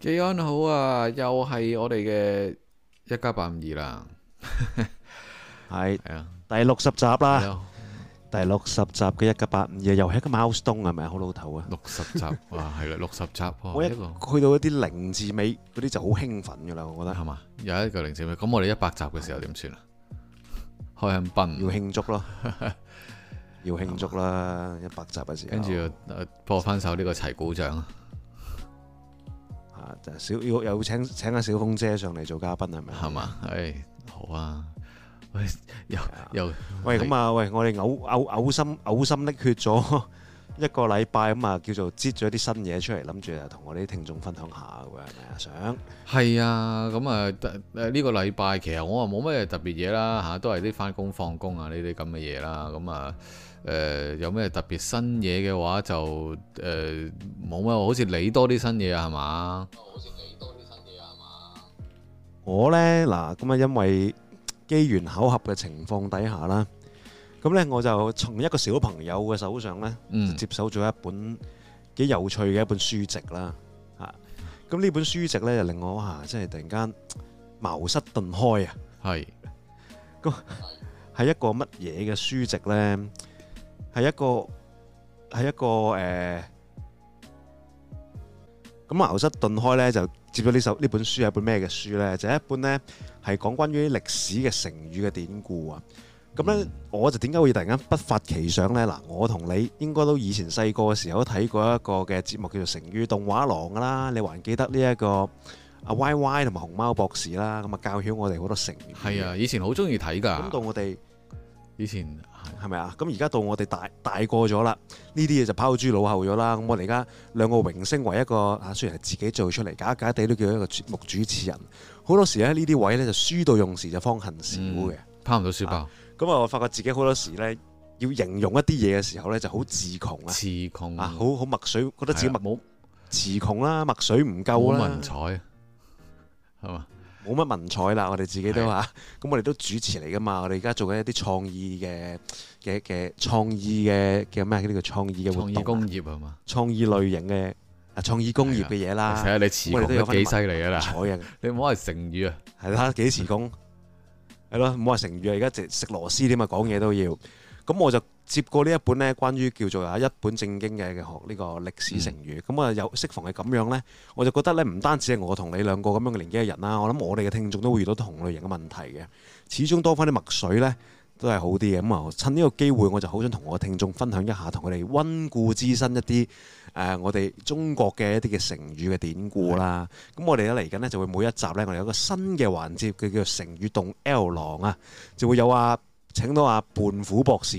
記安好啊！又係我哋嘅一家八五二啦，係係 是啊，第六十集啦，啊、第六十集嘅一家八五二又係一個 milestone 係咪好老頭啊！ 六十集啊，係啦，六十集，一個去到一啲零字尾嗰啲就好興奮噶啦，我覺得係嘛，又一個零字尾。咁我哋一百集嘅時候點算啊？開香檳， 要慶祝咯，要慶祝啦！一百集嘅時候，跟住播幫我返首呢個齊鼓掌啊！啊！小要有請請阿小鳳姐上嚟做嘉賓係咪？係嘛，誒，hey, 好啊！喂，又又喂，咁啊，喂，我哋嘔嘔嘔，嘔心嘔心瀝血咗一個禮拜，咁啊，叫做擠咗啲新嘢出嚟，諗住啊，同我啲聽眾分享下，咁係咪啊？想係啊，咁啊，呢個禮拜其實我啊冇乜特別嘢啦，吓，都係啲翻工放工啊呢啲咁嘅嘢啦，咁啊。嗯嗯。誒、呃，有咩特別新嘢嘅話就誒冇咩，好似你多啲新嘢啊，係嘛？好似你多啲新嘢啊，係嘛？我咧嗱，咁啊，因為機緣巧合嘅情況底下啦，咁咧我就從一個小朋友嘅手上咧，接手咗一本幾有趣嘅一本書籍啦，啊，咁呢本書籍咧就令我吓、啊，即係突然間茅塞頓開啊，係是，咁係那一個乜嘢嘅書籍咧？係一個係一個誒，咁、呃、茅塞頓開呢，就接咗呢首呢本書，係本咩嘅書呢？就係、是、一本呢，係講關於歷史嘅成語嘅典故啊！咁咧，嗯、我就點解會突然間不發奇想呢？嗱、呃，我同你應該都以前細個嘅時候都睇過一個嘅節目叫做《成語動畫廊》噶啦，你還記得呢、這、一個阿歪歪同埋熊貓博士啦？咁啊，教曉我哋好多成語。係啊，以前好中意睇噶。到我哋。以前係咪啊？咁而家到我哋大大過咗啦，呢啲嘢就拋諸腦後咗啦。咁我哋而家兩個榮升為一個啊，雖然係自己做出嚟，假假地都叫一個節目主持人。好多時咧呢啲位呢，就書到用時就方恨少嘅，拋唔、嗯、到書包。咁啊，我發覺自己好多時呢，要形容一啲嘢嘅時候呢，就好詞窮啦。詞窮啊，好好窮、啊、墨水，覺得自己墨冇。詞、啊、窮啦、啊，墨水唔夠、啊、文采，係嘛？冇乜文采啦，我哋自己都吓。咁的我哋都主持嚟㗎嘛，我哋而家做緊一啲創意嘅嘅嘅創意嘅叫咩呢個創意嘅活動，創意工業係嘛？創意類型嘅啊，的創意工業嘅嘢啦，睇下的、啊、你辭工幾犀利啊啦！彩 你唔好係成語啊，係啦，幾辭工，係咯，唔好話成語啊，而家直食螺絲添啊，講嘢都要，咁我就。接過呢一本咧，關於叫做啊一本正經嘅嘅呢個歷史成語咁啊。有，適逢係咁樣呢。我就覺得咧唔單止係我同你兩個咁樣嘅年紀嘅人啦，我諗我哋嘅聽眾都會遇到同類型嘅問題嘅。始終多翻啲墨水呢都係好啲嘅。咁啊，趁呢個機會，我就好想同我嘅聽眾分享一下，同佢哋溫故知新一啲誒，我哋中國嘅一啲嘅成語嘅典故啦。咁我哋一嚟緊呢，就會每一集呢，我哋有一個新嘅環節，佢叫做成語動 L 廊啊，就會有啊請到啊胖虎博士。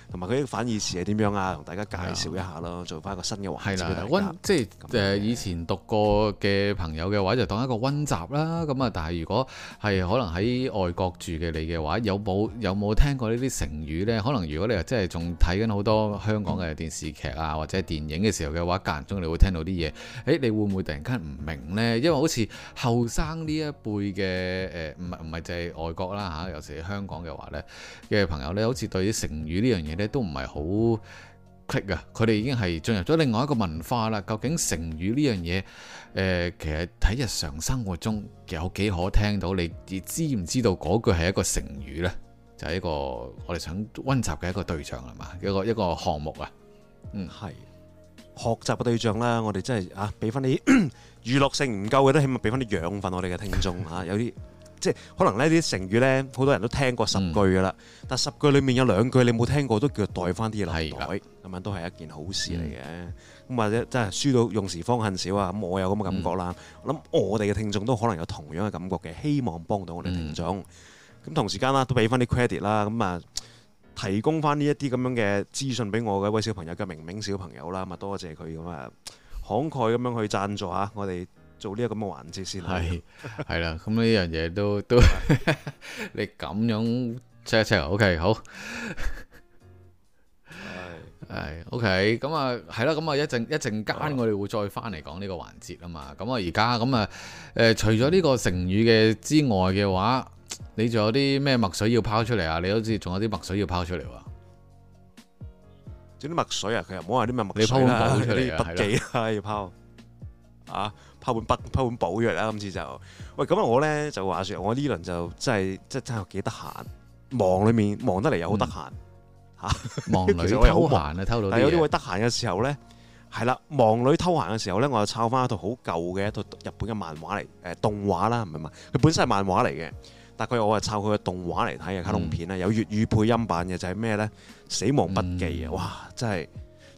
同埋佢啲反意詞係點樣啊？同大家介紹一下咯，做翻一個新嘅話題。係啦，温即係誒、呃、以前讀過嘅朋友嘅話，就當一個温習啦。咁啊，但係如果係可能喺外國住嘅你嘅話，有冇有冇聽過呢啲成語呢？可能如果你又真係仲睇緊好多香港嘅電視劇啊，或者係電影嘅時候嘅話，間中你會聽到啲嘢，誒、欸，你會唔會突然間唔明呢？因為好似後生呢一輩嘅誒，唔係唔係就係外國啦嚇，有、啊、時香港嘅話呢，嘅朋友呢，好似對於成語呢樣嘢都唔係好 click 啊！佢哋已經係進入咗另外一個文化啦。究竟成語呢樣嘢，誒、呃，其實喺日常生活中，有幾可聽到。你知唔知道嗰句係一個成語呢？就係一個我哋想溫習嘅一個對象係嘛？一個一個項目啊。嗯，係學習嘅對象啦。我哋真係啊，俾翻啲娛樂性唔夠嘅都起碼俾翻啲養分我哋嘅聽眾啊！有啲。即係可能呢啲成語呢，好多人都聽過十句㗎啦。嗯、但十句裡面有兩句你冇聽過，都叫代翻啲落袋咁樣，都係一件好事嚟嘅。咁或者真係書到用時方恨少啊！咁我有咁嘅感覺啦。嗯、我諗我哋嘅聽眾都可能有同樣嘅感覺嘅，希望幫到我哋聽眾。咁、嗯、同時間啦，都俾翻啲 credit 啦。咁啊，提供翻呢一啲咁樣嘅資訊俾我嘅一位小朋友嘅明明小朋友啦，咪多謝佢咁啊慷慨咁樣去贊助嚇我哋。做呢個咁嘅環節先，係係啦，咁呢樣嘢都都，都 你咁樣 check 一 check，OK、okay，好，係 OK，咁啊係啦，咁啊一陣一陣間我哋會再翻嚟講呢個環節啊嘛，咁啊而家咁啊誒，除咗呢個成語嘅之外嘅話，你仲有啲咩墨水要拋出嚟啊？你都知仲有啲墨水要拋出嚟喎，整啲墨水啊，佢又冇話啲咩墨水啦，啲筆記啦要拋啊。拍本筆，拋本補藥啦！今次就，喂，咁啊，我咧就話說，我呢輪就真係，真真係幾得閒，忙裏面忙得嚟又好得閒，吓忙裏偷閒啊，偷到啲。但有啲位得閒嘅時候咧，係啦，忙裏偷閒嘅時候咧，我就抄翻一套好舊嘅一套日本嘅漫畫嚟，誒、呃，動畫啦，唔係嘛，佢本身係漫畫嚟嘅，但概我係抄佢嘅動畫嚟睇嘅卡通片啦，有粵語配音版嘅就係咩咧，《死亡筆記》啊，哇，真係！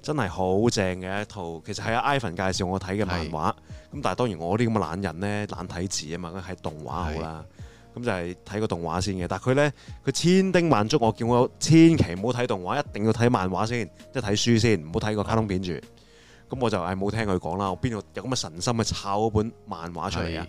真係好正嘅一套，其實係阿 Ivan 介紹我睇嘅漫畫。咁是但係當然我啲咁嘅懶人呢，懶睇字啊嘛，咁係動畫好啦。咁是、嗯、就係睇個動畫先嘅。但係佢呢，佢千叮萬囑我叫我千祈唔好睇動畫，一定要睇漫畫先，即係睇書先，唔好睇個卡通片住。咁是、嗯、我就係冇聽佢講啦。我邊度有咁嘅神心去抄嗰本漫畫出嚟啊？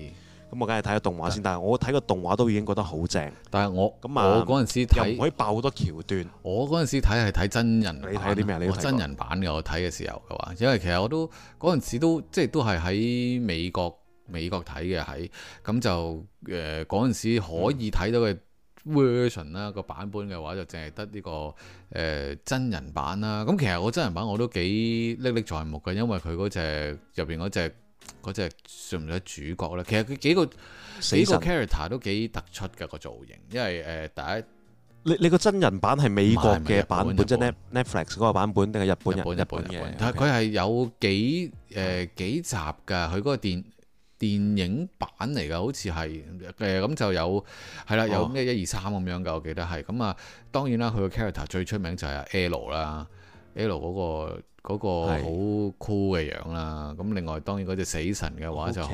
咁啊，梗係睇個動畫先。但係我睇個動畫都已經覺得好正。但係我，啊、我嗰陣時又唔可以爆好多橋段。我嗰陣時睇係睇真人，你睇啲咩？你睇真人版嘅，我睇嘅時候嘅話，因為其實我都嗰陣時都即係都係喺美國美國睇嘅，喺咁就誒嗰陣時可以睇到嘅 version 啦個版本嘅、嗯、話，就淨係得呢個誒、呃、真人版啦。咁其實我真人版我都幾歷歷在目嘅，因為佢嗰隻入邊嗰隻。嗰隻算唔算主角咧？其實佢幾個神幾個 character 都幾突出嘅、個造型，因為誒、呃、第一，你你個真人版係美國嘅版本即係本 Netflix 嗰個版本定係日本日本日本？但係佢係有幾誒、呃、幾集㗎，佢嗰個電，電影版嚟㗎，好似係誒咁就有係啦，有咩一二三咁樣㗎，1 1, 2, 3, 我記得係咁啊。當然啦，佢個 character 最出名就係阿 L 啦，L 嗰、個。嗰個好酷嘅樣啦，咁另外當然嗰隻死神嘅話就好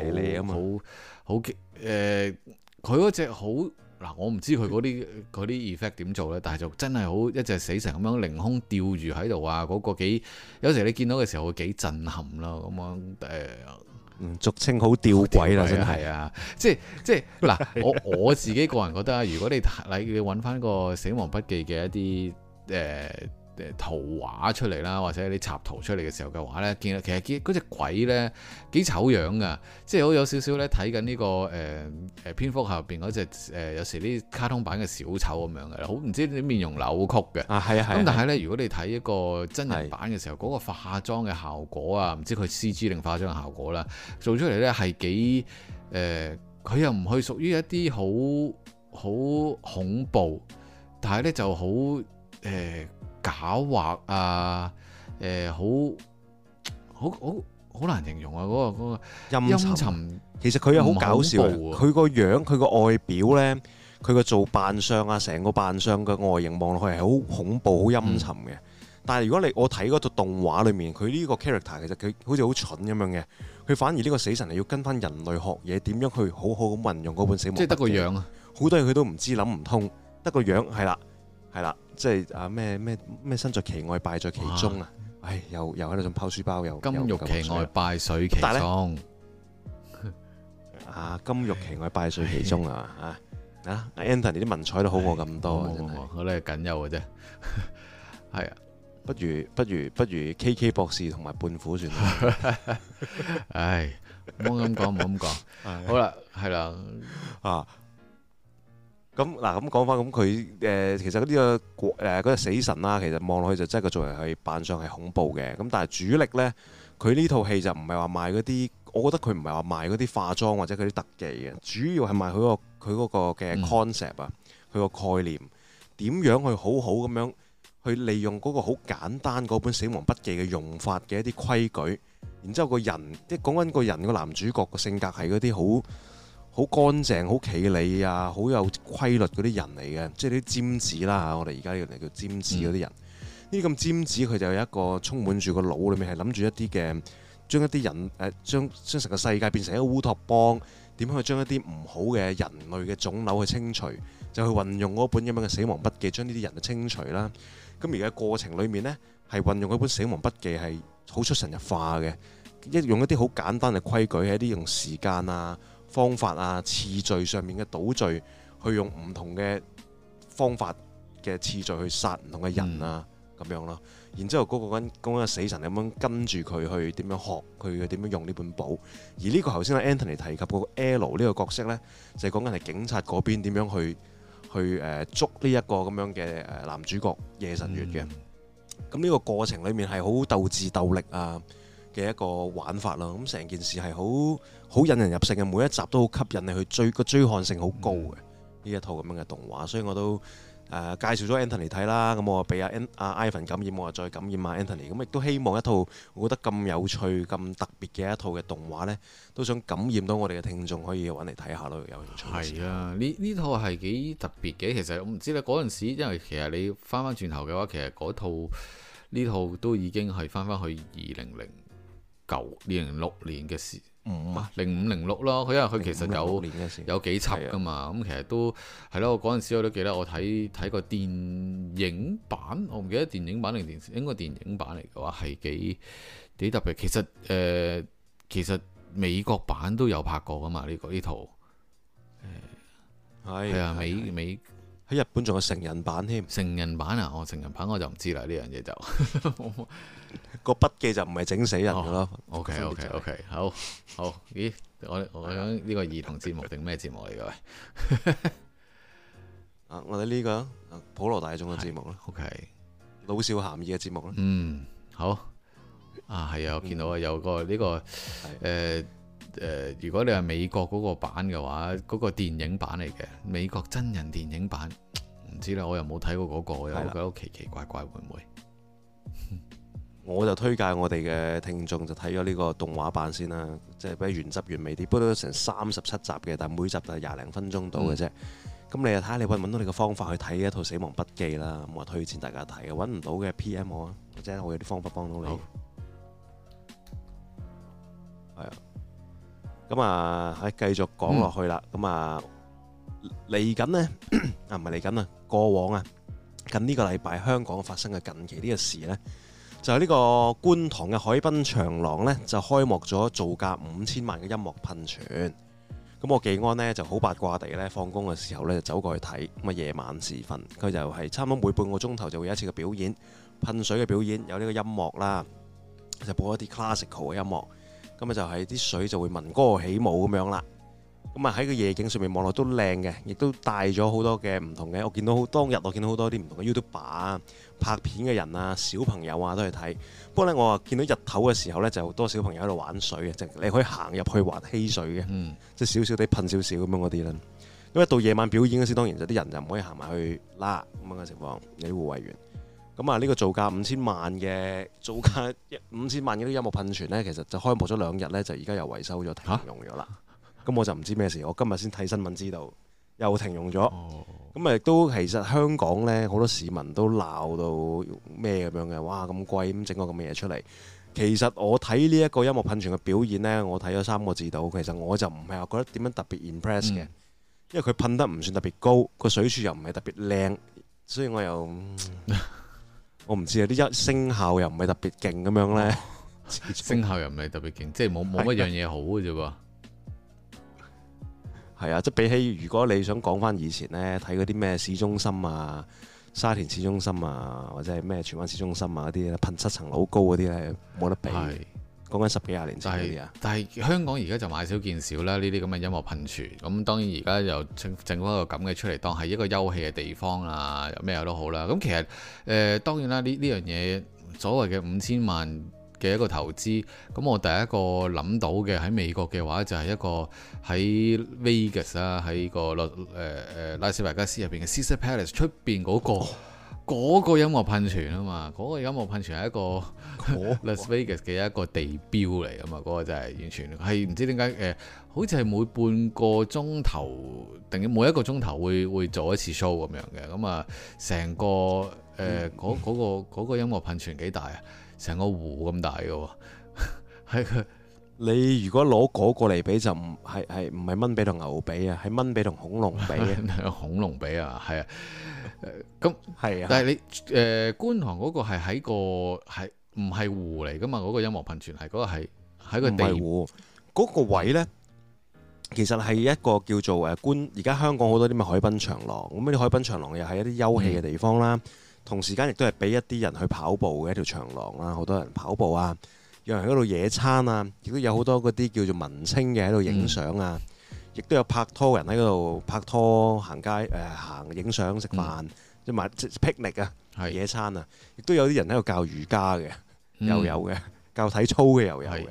好好奇佢嗰隻好嗱、呃，我唔知佢嗰啲嗰啲 effect 點做咧，但係就真係好一隻死神咁樣凌空吊住喺度啊！嗰、嗰個幾有時你見到嘅時候會幾震撼咯，咁樣誒，俗稱好吊鬼啦，真係是啊！即係即係嗱，我我自己個人覺得，如果你睇你你揾翻個《死亡筆記》嘅一啲誒。誒圖畫出嚟啦，或者啲插圖出嚟嘅時候嘅話咧，見到其實見嗰隻鬼咧幾醜樣㗎，即係好有少少咧睇緊呢個誒誒、呃、蝙蝠下邊嗰隻誒有時啲卡通版嘅小丑咁樣嘅，好唔知啲面容扭曲嘅啊，係啊，咁、啊、但係呢咧，啊啊、如果你睇一個真人版嘅時候，嗰、啊、個化妝嘅效果啊，唔知佢 C G 定化妝嘅效果啦、啊，做出嚟咧係幾誒，佢、呃、又唔去屬於一啲好好恐怖，但係咧就好誒。呃嗯狡猾啊，誒、欸，好，好好好難形容啊！嗰個嗰個陰沉，其實佢又好搞笑。佢個樣，佢個外表咧，佢個做扮相啊，成個扮相嘅外形望落去係好恐怖、好陰沉嘅。嗯、但係如果你我睇嗰套動畫裏面，佢呢個 character 其實佢好似好蠢咁樣嘅。佢反而呢個死神係要跟翻人類學嘢，點樣去好好咁運用嗰本死亡，即係得個樣啊！好多嘢佢都唔知，諗唔通，得個樣係啦。係啦，即係啊咩咩咩身在其外，敗在其中啊！唉，又又喺度仲拋書包又金玉其外，敗水其中。啊，金玉其外，敗水其中啊！啊，啊，Anthony 啲文采都好過咁多，我咧係緊憂嘅啫。係啊，不如不如不如 K K 博士同埋胖虎算啦。唉，唔好咁講，唔好咁講。好啦，係啦，啊。咁嗱，咁講翻咁佢誒，其實嗰、呢、啲個誒、嗰個、死神啦，其實望落去就真係佢造型係扮相係恐怖嘅。咁但係主力呢，佢呢套戲就唔係話賣嗰啲，我覺得佢唔係話賣嗰啲化妝或者嗰啲特技嘅，主要係賣佢個佢嗰個嘅 concept 啊，佢個概念點、嗯、樣去好好咁樣去利用嗰個好簡單嗰本死亡筆記嘅用法嘅一啲規矩，然之後個人即係講緊個人個男主角個性格係嗰啲好。好乾淨，好企理啊！好有規律嗰啲人嚟嘅，即係啲尖子啦。我哋而家呢樣嚟叫尖子嗰啲人，呢啲咁尖子佢就有一個充滿住個腦裏面係諗住一啲嘅將一啲人誒、呃、將將成個世界變成一個烏托邦，點樣去將一啲唔好嘅人類嘅腫瘤去清除，就去運用嗰本咁樣嘅死亡筆記，將呢啲人清除啦。咁而家過程裏面呢，係運用嗰本死亡筆記係好出神入化嘅，一用一啲好簡單嘅規矩，係一啲用時間啊。方法啊，次序上面嘅倒序，去用唔同嘅方法嘅次序去殺唔同嘅人啊，咁、嗯、樣咯。然之後嗰、那個跟嗰、那個、死神咁樣跟住佢去點樣學，佢嘅點樣用呢本簿。而呢個頭先阿 Anthony 提及個 L 呢個角色咧，就係、是、講緊係警察嗰邊點樣去去誒、呃、捉呢一個咁樣嘅男主角夜神月嘅。咁呢、嗯、個過程裏面係好鬥智鬥力啊嘅一個玩法啦。咁成件事係好。好引人入勝嘅，每一集都好吸引你去追，個追看性好高嘅呢、嗯、一套咁樣嘅動畫。所以我都誒、呃、介紹咗 Anthony 睇啦。咁、嗯、我話俾阿 En 阿、啊、Ivan 感染，我話再感染下 Anthony，嗯。咁亦都希望一套我覺得咁有趣、咁特別嘅一套嘅動畫呢，都想感染到我哋嘅聽眾，可以揾嚟睇下咯。有興趣。係啊，呢呢套係幾特別嘅。其實我唔知你嗰陣時，因為其實你翻翻轉頭嘅話，其實嗰套呢套都已經係翻翻去二零零九二零六年嘅時。零五零六咯，佢因為佢其實有0 5, 0有幾輯噶嘛，咁的其實都係咯。我嗰陣時我都記得我睇睇過電影版，我唔記得電影版定電視，應該電影版嚟嘅話係幾幾特別。其實誒、呃，其實美國版都有拍過噶嘛。呢、這個呢套係係啊，美的美喺日本仲有成人版添。成人版啊，我、哦、成人版我就唔知啦。呢樣嘢就。 個筆 記就唔係整死人噶咯。OK，OK，OK，好好。咦？我我想呢個兒童節目定咩節目嚟㗎？啊，我哋呢個普羅大眾嘅節目咧。OK，老少咸宜嘅節目咧。嗯，好啊，係啊，我見到啊，有個呢、這個誒誒、嗯呃呃，如果你話美國嗰個版嘅話，嗰、那個電影版嚟嘅美國真人電影版，唔知咧，我又冇睇過嗰、那個，我覺得奇奇怪怪，怪，會唔會？ 我就推介我哋嘅聽眾就睇咗呢個動畫版先啦，即係比較原汁原味啲，不過都成三十七集嘅，但係每集就係廿零分鐘度嘅啫。咁、嗯、你啊睇下，你可唔可以揾到你嘅方法去睇一套《死亡筆記》啦？咁啊，推薦大家睇嘅，揾唔到嘅 PM 我啊，或者我有啲方法幫到你。好。係、嗯、啊。咁、嗯、啊，喺繼續講落去啦。咁啊，嚟緊呢？啊，唔係嚟緊啊，過往啊，近呢個禮拜香港發生嘅近期呢個事呢。就係呢個觀塘嘅海濱長廊呢，就開幕咗造價五千萬嘅音樂噴泉。咁我記安呢就好八卦地呢，放工嘅時候呢，就走過去睇。咁啊夜晚時分，佢就係差唔多每半個鐘頭就會有一次嘅表演，噴水嘅表演，有呢個音樂啦，就播一啲 classical 嘅音樂。咁啊就係啲水就會聞歌起舞咁樣啦。咁啊喺個夜景上面，望落都靚嘅，亦都帶咗好多嘅唔同嘅。我見到當日我見到好多啲唔同嘅 YouTuber 拍片嘅人啊，小朋友啊都去睇。不過咧，我話見到日頭嘅時候咧，就好多小朋友喺度玩水嘅，即、就係、你可以行入去玩汽水嘅，即係少少地噴少少咁樣嗰啲啦。因為到夜晚表演嗰時，當然就啲人就唔可以行埋去啦咁樣嘅情況，你啲護衛員。咁啊，呢個造價五千萬嘅造價，五千萬嘅啲音樂噴泉咧，其實就開幕咗兩日咧，就而家又維修咗停用咗啦。咁、啊、 我就唔知咩事，我今日先睇新聞知道，又停用咗。哦咁啊，亦都其實香港咧，好多市民都鬧到咩咁樣嘅，哇咁貴咁整個咁嘅嘢出嚟。其實我睇呢一個音樂噴泉嘅表演咧，我睇咗三個字度，其實我就唔係話覺得點樣特別 impress 嘅，嗯、因為佢噴得唔算特別高，個水柱又唔係特別靚，所以我又 我唔知啊啲一聲效又唔係特別勁咁樣咧，聲效又唔係特別勁，即係冇冇乜樣嘢好嘅啫噃係啊，即比起如果你想講翻以前呢，睇嗰啲咩市中心啊、沙田市中心啊，或者係咩荃灣市中心啊嗰啲咧，噴漆層好高嗰啲呢，冇得比。講緊是十幾廿年前嗰啲啊。但係香港而家就買少見少啦，呢啲咁嘅音樂噴泉。咁當然而家又整整翻個咁嘅出嚟，當係一個休憩嘅地方啊，咩都好啦。咁其實誒、呃，當然啦，呢呢樣嘢所謂嘅五千萬。嘅一個投資，咁我第一個諗到嘅喺美國嘅話，就係一個喺 Vegas 啦，喺個律誒拉斯維加斯入邊嘅 Caesar Palace 出邊嗰個音樂噴泉啊嘛，嗰個音樂噴泉係一個 Las Vegas 嘅一個地標嚟啊嘛，嗰個就係完全係唔知點解誒，好似係每半個鐘頭定每一個鐘頭會會做一次 show 咁樣嘅，咁啊成個誒嗰嗰個嗰、呃嗰個嗰個嗰個音樂噴泉幾大啊？成個湖咁大㗎喎，喺佢你如果攞嗰個嚟比就唔係，係唔係蚊髀同牛髀啊，係蚊髀同恐龍髀啊，恐龍髀啊，係啊，誒咁係啊，但係你誒觀塘嗰個係喺個係唔係湖嚟噶嘛？嗰個音樂噴泉係嗰個係喺個地唔係湖嗰個位呢，其實係一個叫做誒觀而家香港好多啲咩海濱長廊，咁啲海濱長廊又係一啲休憩嘅地方啦。同時間亦都係俾一啲人去跑步嘅一條長廊啦，好多人跑步啊，有人喺度野餐啊，亦都有好多嗰啲叫做文青嘅喺度影相啊，亦、嗯、都有拍拖人喺嗰度拍拖行街誒、呃、行影相食飯，即係埋即係霹靂啊，是野餐啊，亦都有啲人喺度教瑜伽嘅，嗯、又有嘅教體操嘅又有嘅。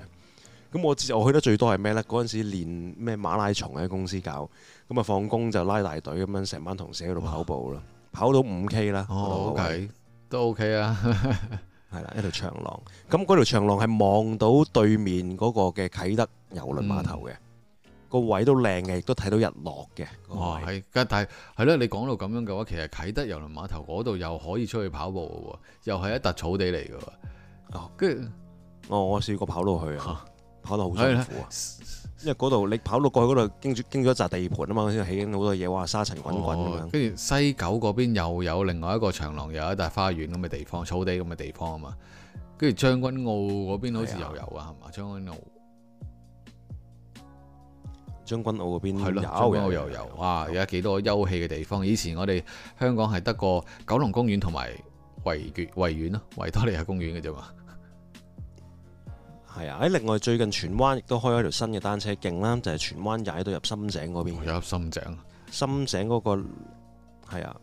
咁我其我去得最多係咩呢？嗰陣時練咩馬拉松喺公司搞咁啊，放工就拉大隊咁樣成班同事喺度跑步咯。跑到五 K 啦，哦哦、okay，都 OK 啊，係 啦，一條長廊，咁嗰條長廊係望到對面嗰個嘅啟德郵輪碼頭嘅，嗯、個位都靚嘅，亦都睇到日落嘅。那個、哦，係，但係係咧，你講到咁樣嘅話，其實啟德郵輪碼頭嗰度又可以出去跑步嘅，又係一笪草地嚟嘅。哦，跟住，哦，我試過跑到去啊，跑到好辛苦啊。因為嗰度你跑到過去嗰度，經住經咗一笪地盤啊嘛，先起好多嘢，哇沙塵滾滾咁樣。跟住、哦、西九嗰邊又有另外一個長廊，又有一笪花園咁嘅地方，草地咁嘅地方啊嘛。跟住將軍澳嗰邊好似又有啊，係嘛？將軍澳，將軍澳嗰邊係咯，將軍澳又的、啊、有，哇！有幾多休憩嘅地方？以前我哋香港係得個九龍公園同埋維，維園、維園、維多利亞公園嘅啫嘛。係啊！誒，另外最近荃灣亦都開咗條新嘅單車徑啦，就係、是、荃灣踩到入深井嗰邊。入深井，深井嗰、那個係啊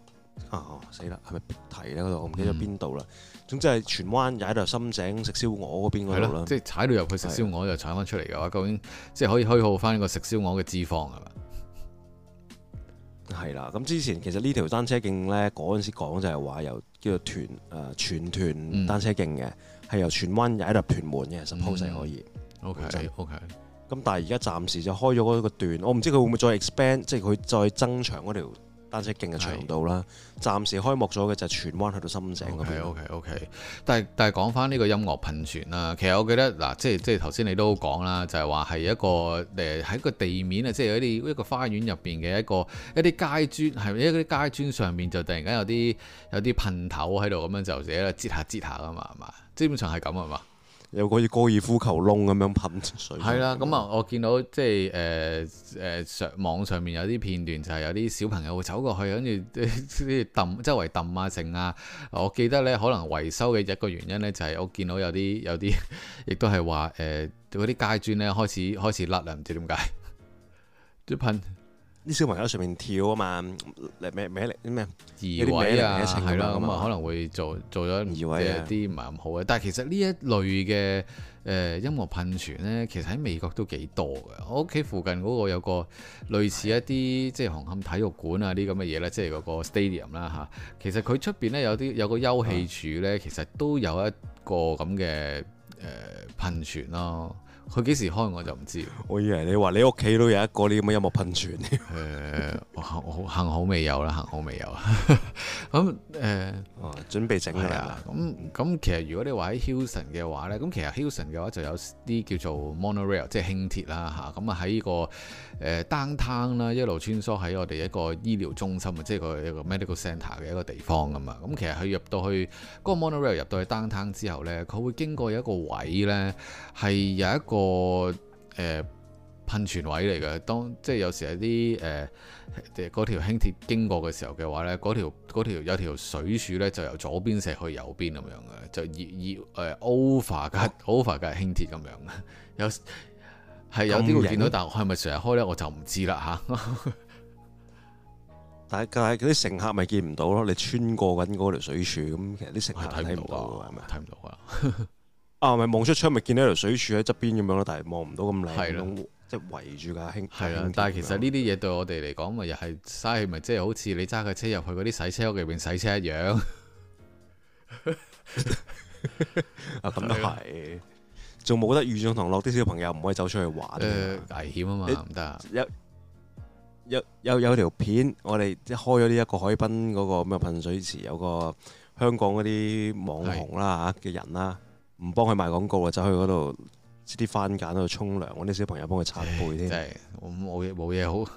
啊，死啦！係咪逼提咧度？我唔記得邊度啦。嗯、總之係荃灣踩到入深井食燒鵝嗰邊嗰度啦。即係踩到入去食燒鵝，就踩翻出嚟嘅話，啊、究竟即係可以虛耗翻個食燒鵝嘅脂肪係嘛？係啦，咁、啊、之前其實呢條單車徑咧嗰陣時講就係話又叫做團誒、呃、全團單車徑嘅。嗯係由荃灣踩入屯門嘅，其實 suppose 可以。OK 對 OK。咁但係而家暫時就開咗嗰個段，我唔知佢會唔會再 expand，即係佢再增長嗰條。加啲勁嘅長度啦，暫時開幕咗嘅就係荃灣去到深井嗰邊 OK OK，但係但係講翻呢個音樂噴泉啦，其實我記得嗱，即係即係頭先你都講啦，就係話係一個誒喺個地面啊，即係一啲一個花園入邊嘅一個一啲街磚，係咪一啲街磚上面就突然間有啲有啲噴頭喺度，咁樣就自己嚟擠下擠下噶嘛，係嘛？基本上係咁係嘛？又嗰啲高爾夫球窿咁樣噴出水，係啦。咁啊，我見到即係誒誒上網上面有啲片段，就係有啲小朋友會走過去，跟住啲氹周圍氹啊剩啊。我記得呢，可能維修嘅一個原因呢，就係、是、我見到有啲有啲亦 都係話誒，嗰啲階磚呢開始開始甩啦，唔知點解。 啲小朋友喺上面跳啊嘛，嚟咩咩嚟咩，移位啊，係咯，咁啊拙可能會做做咗移位一啲唔係咁好嘅。但係其實呢一類嘅誒、呃、音樂噴泉咧，其實喺美國都幾多嘅。我屋企附近嗰個有個類似一啲即係紅磡體育館啊啲咁嘅嘢咧，即係嗰個 stadium 啦、啊、嚇。其實佢出邊咧有啲有個休憩處咧，其實都有一個咁嘅誒噴泉咯。佢幾時開我就唔知。我以為你話你屋企都有一個呢咁嘅音樂噴泉。誒、 uh，幸好幸好未有啦，幸好未有。咁、uh, 誒、啊，準備整啦。咁咁、啊、其實如果你話喺 Hilton 嘅話咧，咁其實 Hilton 嘅話就有啲叫做 monorail，即係輕鐵啦嚇。咁啊喺依個誒 downtown 啦，呃、downtown, 一路穿梭喺我哋一個醫療中心啊，即係佢一個 medical centre 嘅一個地方啊嘛。咁其實佢入到去嗰、那個 monorail 入到去 downtown 之後咧，佢會經過一個位咧，係有一個，個誒、呃、噴泉位嚟嘅，當即係有時有啲誒，嗰條輕鐵經過嘅時候嘅話咧，嗰條條有條水柱咧，就由左邊射去右邊咁樣嘅，就以以誒 over 架 over 架輕鐵咁樣嘅，有係有啲會見到，但係咪成日開咧，我就唔知啦吓。但係但係啲乘客咪見唔到咯？你穿過緊嗰條水柱咁，其實啲乘客睇唔到嘅，睇唔到啊。吧 啊，咪、就、望、是、出窗咪見到條水柱喺側邊咁樣咯，但係望唔到咁靚，係咯了，即係圍住架兄係啦。了 oman. 但係其實呢啲嘢對我哋嚟講，咪又係嘥氣，咪即係好似你揸架車入去嗰啲洗車屋入邊洗車一樣。 了啊，咁都係仲冇得雨中同樂啲小朋友唔可以走出去玩、呃、危險啊嘛，唔得，有有有有條片，我哋即係開咗呢一個海濱嗰個咩噴水池，有個香港嗰啲網紅啦吓嘅人啦。唔幫佢賣廣告啊，走去嗰度接啲番梘度沖涼，我啲小朋友幫佢擦背添。我冇嘢冇嘢，好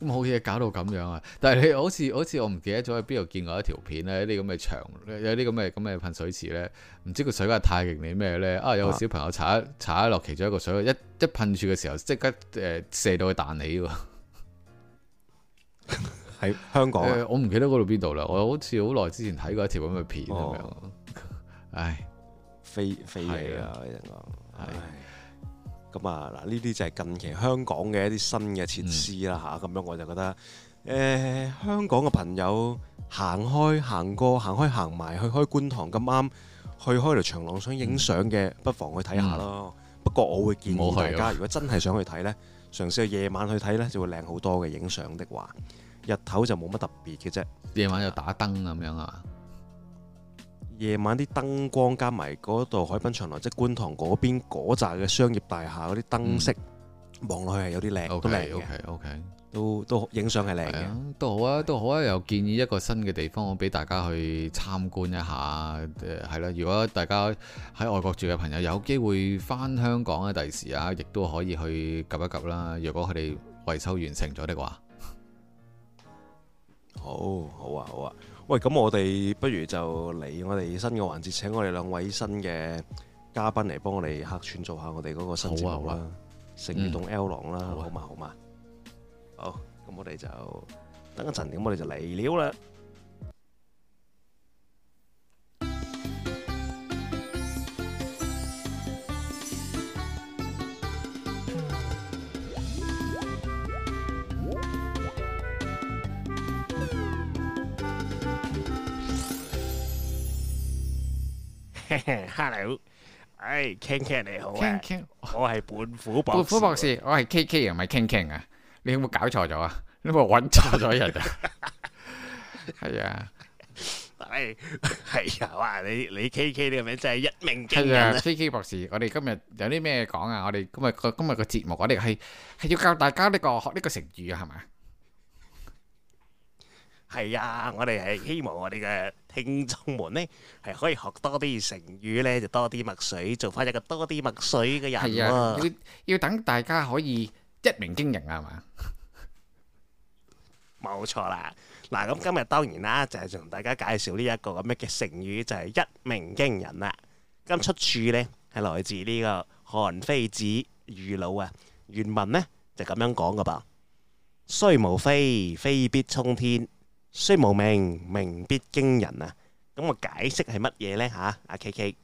冇嘢搞到咁樣啊！但係你好似好似我唔記得咗喺邊度見過一條片咧，一啲咁嘅牆，有啲咁嘅咁嘅噴水池咧，唔知個水位太勁定咩咧？啊，有個小朋友一擦一落其中一個水位，一一噴住嘅時候，即刻誒射到佢彈起喎。喺 香港、啊呃，我唔記得嗰度邊度啦。我好似好耐之前睇過一條咁嘅片咁樣，哦、 唉。飛飛嘅啊，咁啊嗱，呢啲就係近期香港嘅一啲新嘅設施啦吓，咁樣我就覺得，誒，香港嘅朋友行開行過行開行埋去開觀塘咁啱，去開條長廊想影相嘅，不妨去睇下咯。不過我會建議大家，如果真係想去睇呢，嘗試去夜晚去睇呢，就會靚好多嘅。影相的話，日頭就冇乜特別嘅啫。夜晚又打燈咁樣啊？夜晚啲燈光加埋嗰度海濱長廊，即係觀塘嗰邊嗰扎嘅商業大廈嗰啲燈飾，望落、嗯、去係有啲靚 Okay, 都靚 O K，都都影相係靚都好啊，都好啊！又建議一個新嘅地方俾大家去參觀一下。誒，係啦，如果大家喺外國住嘅朋友有機會翻香港嘅、啊、第時啊，亦都可以去 𥄫 一 𥄫 啦、啊。如果佢哋維修完成咗的話， 好好啊，好啊。喂，咁我哋不如就嚟我哋新嘅環節，請我哋兩位新嘅嘉賓嚟幫我哋客串做下我哋嗰個新節目啦，成語動、啊啊、L 廊啦、嗯，好嘛好嘛，好，咁我哋就等一陣，咁我哋就嚟料啦。hello，哎，K K 你好，K K，我係胖虎博士，胖虎博士，我係 K K 啊，唔係 K K 啊，你有冇搞錯咗啊？你有冇揾錯咗人啊？係啊，哎，係啊，哇，你你 K K 呢個名真係一鳴驚人啊！K K 博士，我哋今日有啲咩講啊？我哋今日個今日個節目，我哋係係要教大家呢個學呢個成語啊？係咪？係啊，我哋係希望我哋嘅聽眾們咧，係可以學多啲成語咧，就多啲墨水，做翻一個多啲墨水嘅人啊！要要等大家可以一鳴驚人啊嘛！冇錯啦，嗱，咁今日當然啦，就係同大家介紹呢一個咁樣嘅成語，就係一鳴驚人啦。咁出處咧係來自呢個韓非子《喻老》啊，原文咧就咁樣講噶噃：雖無飛，飛必沖天。雖無名，名必驚人啊！咁我解釋係乜嘢咧？吓，阿 KK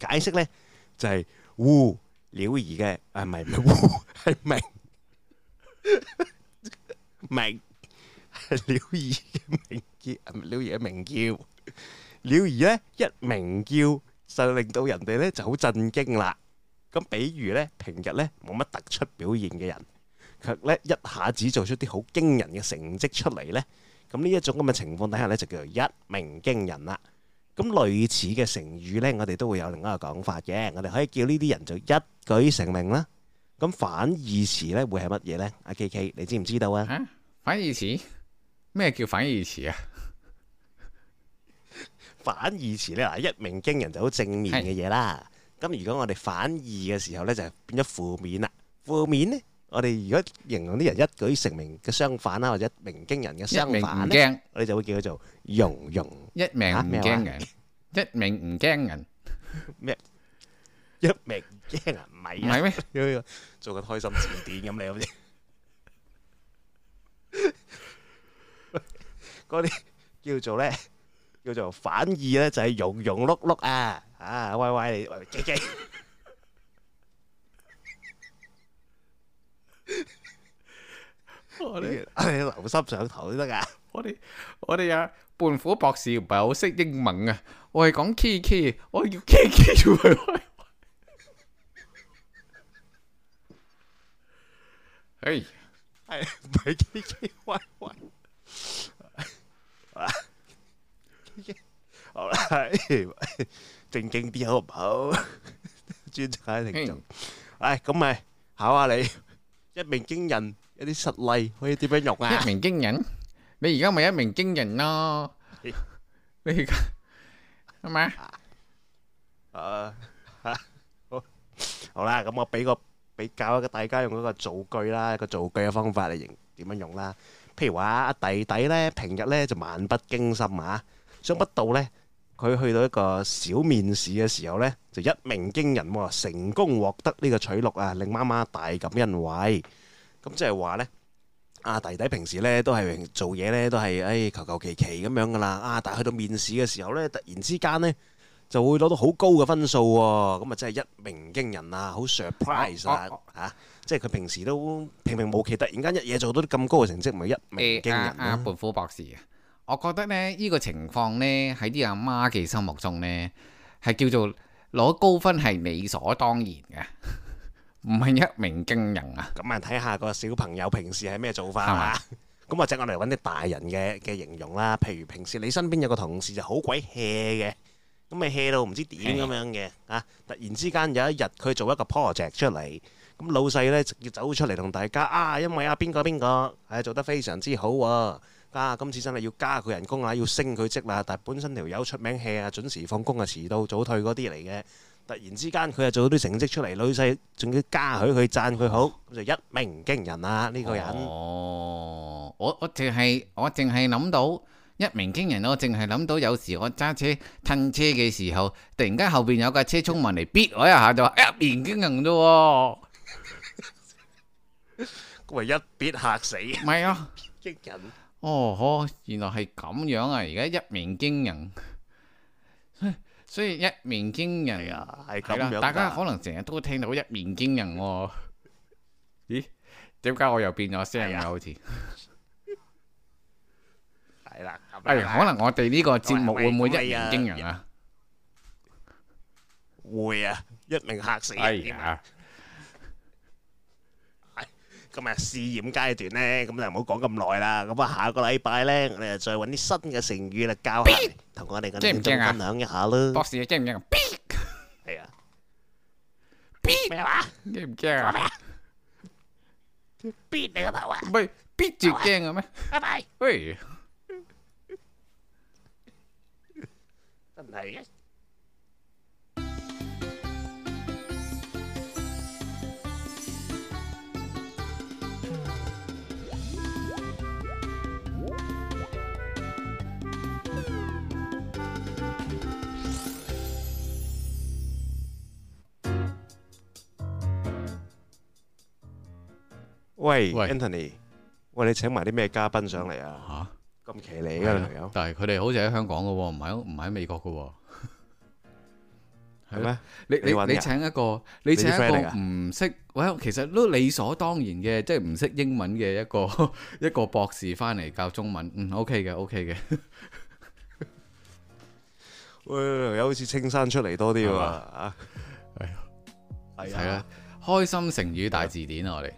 解釋咧就係烏鳥兒嘅，啊唔係唔係烏係鳴鳴係鳥兒嘅鳴叫鳥兒嘅鳴叫鳥兒咧一鳴叫就令到人哋咧就好震驚啦！咁比如咧，平日咧冇乜突出表現嘅人，卻咧一下子做出啲好驚人嘅成績出嚟咧。咁呢一種咁嘅情況底下咧，就叫做一鳴驚人啦。咁類似嘅成語咧，我哋都會有另一個講法嘅。我哋可以叫呢啲人就一舉成名啦。咁反義詞咧會係乜嘢咧？阿 KK，你知唔知道啊？反義詞，咩叫反義詞啊？反義詞咧，嗱，一鳴驚人就好正面嘅嘢啦。咁如果我哋反義嘅時候咧，就變咗負面啦。負面咧？我哋如果形容啲人一舉成名嘅相反啦，或者一鳴驚人嘅相反咧，我哋就會叫佢做庸庸。一鳴唔驚，一鳴唔驚人咩？一鳴驚人，唔係啊？唔係咩？做個開心字典咁，你諗先。嗰啲叫做咧，叫做反義咧，就係庸庸碌碌啊！啊，歪歪哋，雞雞。我哋我哋留心上堂都得噶，我哋我哋阿胖處博士唔係好識英文啊，我係講 KK，我叫 KK 做咩？喂喂，係係唔係 KK？喂喂，好啦，靜靜啲好唔好？專注喺度做，哎，咁咪考下你。一鳴驚人，有啲實例可以點樣用啊？一鳴驚人，你而家咪一鳴驚人咯？你而家係咪？誒，好，好啦，咁我俾個俾教下大家用嗰個造句啦，個造句嘅方法嚟形容點樣用啦。譬如話阿弟弟咧，平日咧就漫不經心啊，想不到咧。佢去到一個小面試嘅時候呢，就一鳴驚人，哦，成功獲得呢個取錄啊，令媽媽大感欣慰。咁即係話呢，阿、啊、弟弟平時呢都係做嘢呢，都係，哎求求其其咁樣噶啦。啊，但係去到面試嘅時候呢，突然之間呢，就會攞到好高嘅分數，哦，咁啊真係一鳴驚人啊！好 surprise 啊，啊，啊，啊即係佢平時都平平無奇，突然間一嘢做到啲咁高嘅成績，咪、就是、一鳴驚人啊，胖處博士我覺得呢呢、呢個情況呢，喺啲阿媽嘅心目中呢，係叫做攞高分係理所當然嘅，唔 係一鳴驚人啊！咁啊睇下個小朋友平時係咩做法咁啊即吧 我嚟揾啲大人嘅嘅形容啦，譬如平時你身邊有個同事就好鬼嘅，咁咪 hea 到唔知點咁樣嘅的啊！突然之間有一日佢做一個 project 出嚟，咁老細呢直接走出嚟同大家啊，因為啊，邊個邊個係做得非常之好啊！啊！今次真係要加佢人工啊，要升佢職啦。但本身條友出名 hea 啊，準時放工啊，遲到早退嗰啲嚟嘅。突然之間佢又做到啲成績出嚟，女婿仲要加許佢讚佢好，就一鳴驚人啊！呢個人，我我淨係我淨係諗到一鳴驚人咯，淨係諗到有時我揸車褪車嘅時候，突然間後邊有架車衝埋嚟逼我一下，就話一鳴驚人啫，咁咪一逼吓死，唔係啊？驚人。哦，好，原來係咁樣啊！而家一鳴驚人，所以一鳴驚人係啊，係咁樣。大家可能成日都聽到一鳴驚人喎。咦？點解我又變咗聲啊？好似係啦。誒，可能我哋呢個節目會唔會一鳴驚人啊？會啊，一鳴吓死人啊！今日試驗階段咧，咁就唔好講咁耐啦。咁啊下個禮拜咧，我哋就再揾啲新嘅成語嚟教下，同我哋嗰啲分享一下啦。博士，你驚唔驚啊？驚係啊。驚咩話？驚唔驚？驚。驚你個頭啊！唔係，驚住驚嘅咩？喂。喂，Anthony，喂，你請埋啲咩嘉賓上嚟啊？吓，咁奇嚟噶啦，但係佢哋好似喺香港噶，唔係唔喺美國噶？係咩？你你你請一個，你請一個唔識，喂，其實都理所當然嘅，即係唔識英文嘅一個一個博士翻嚟教中文，嗯，OK 嘅，OK 嘅。喂，有好似青山出嚟多啲啊嘛？係啊，睇開心成語大字典啊，我哋。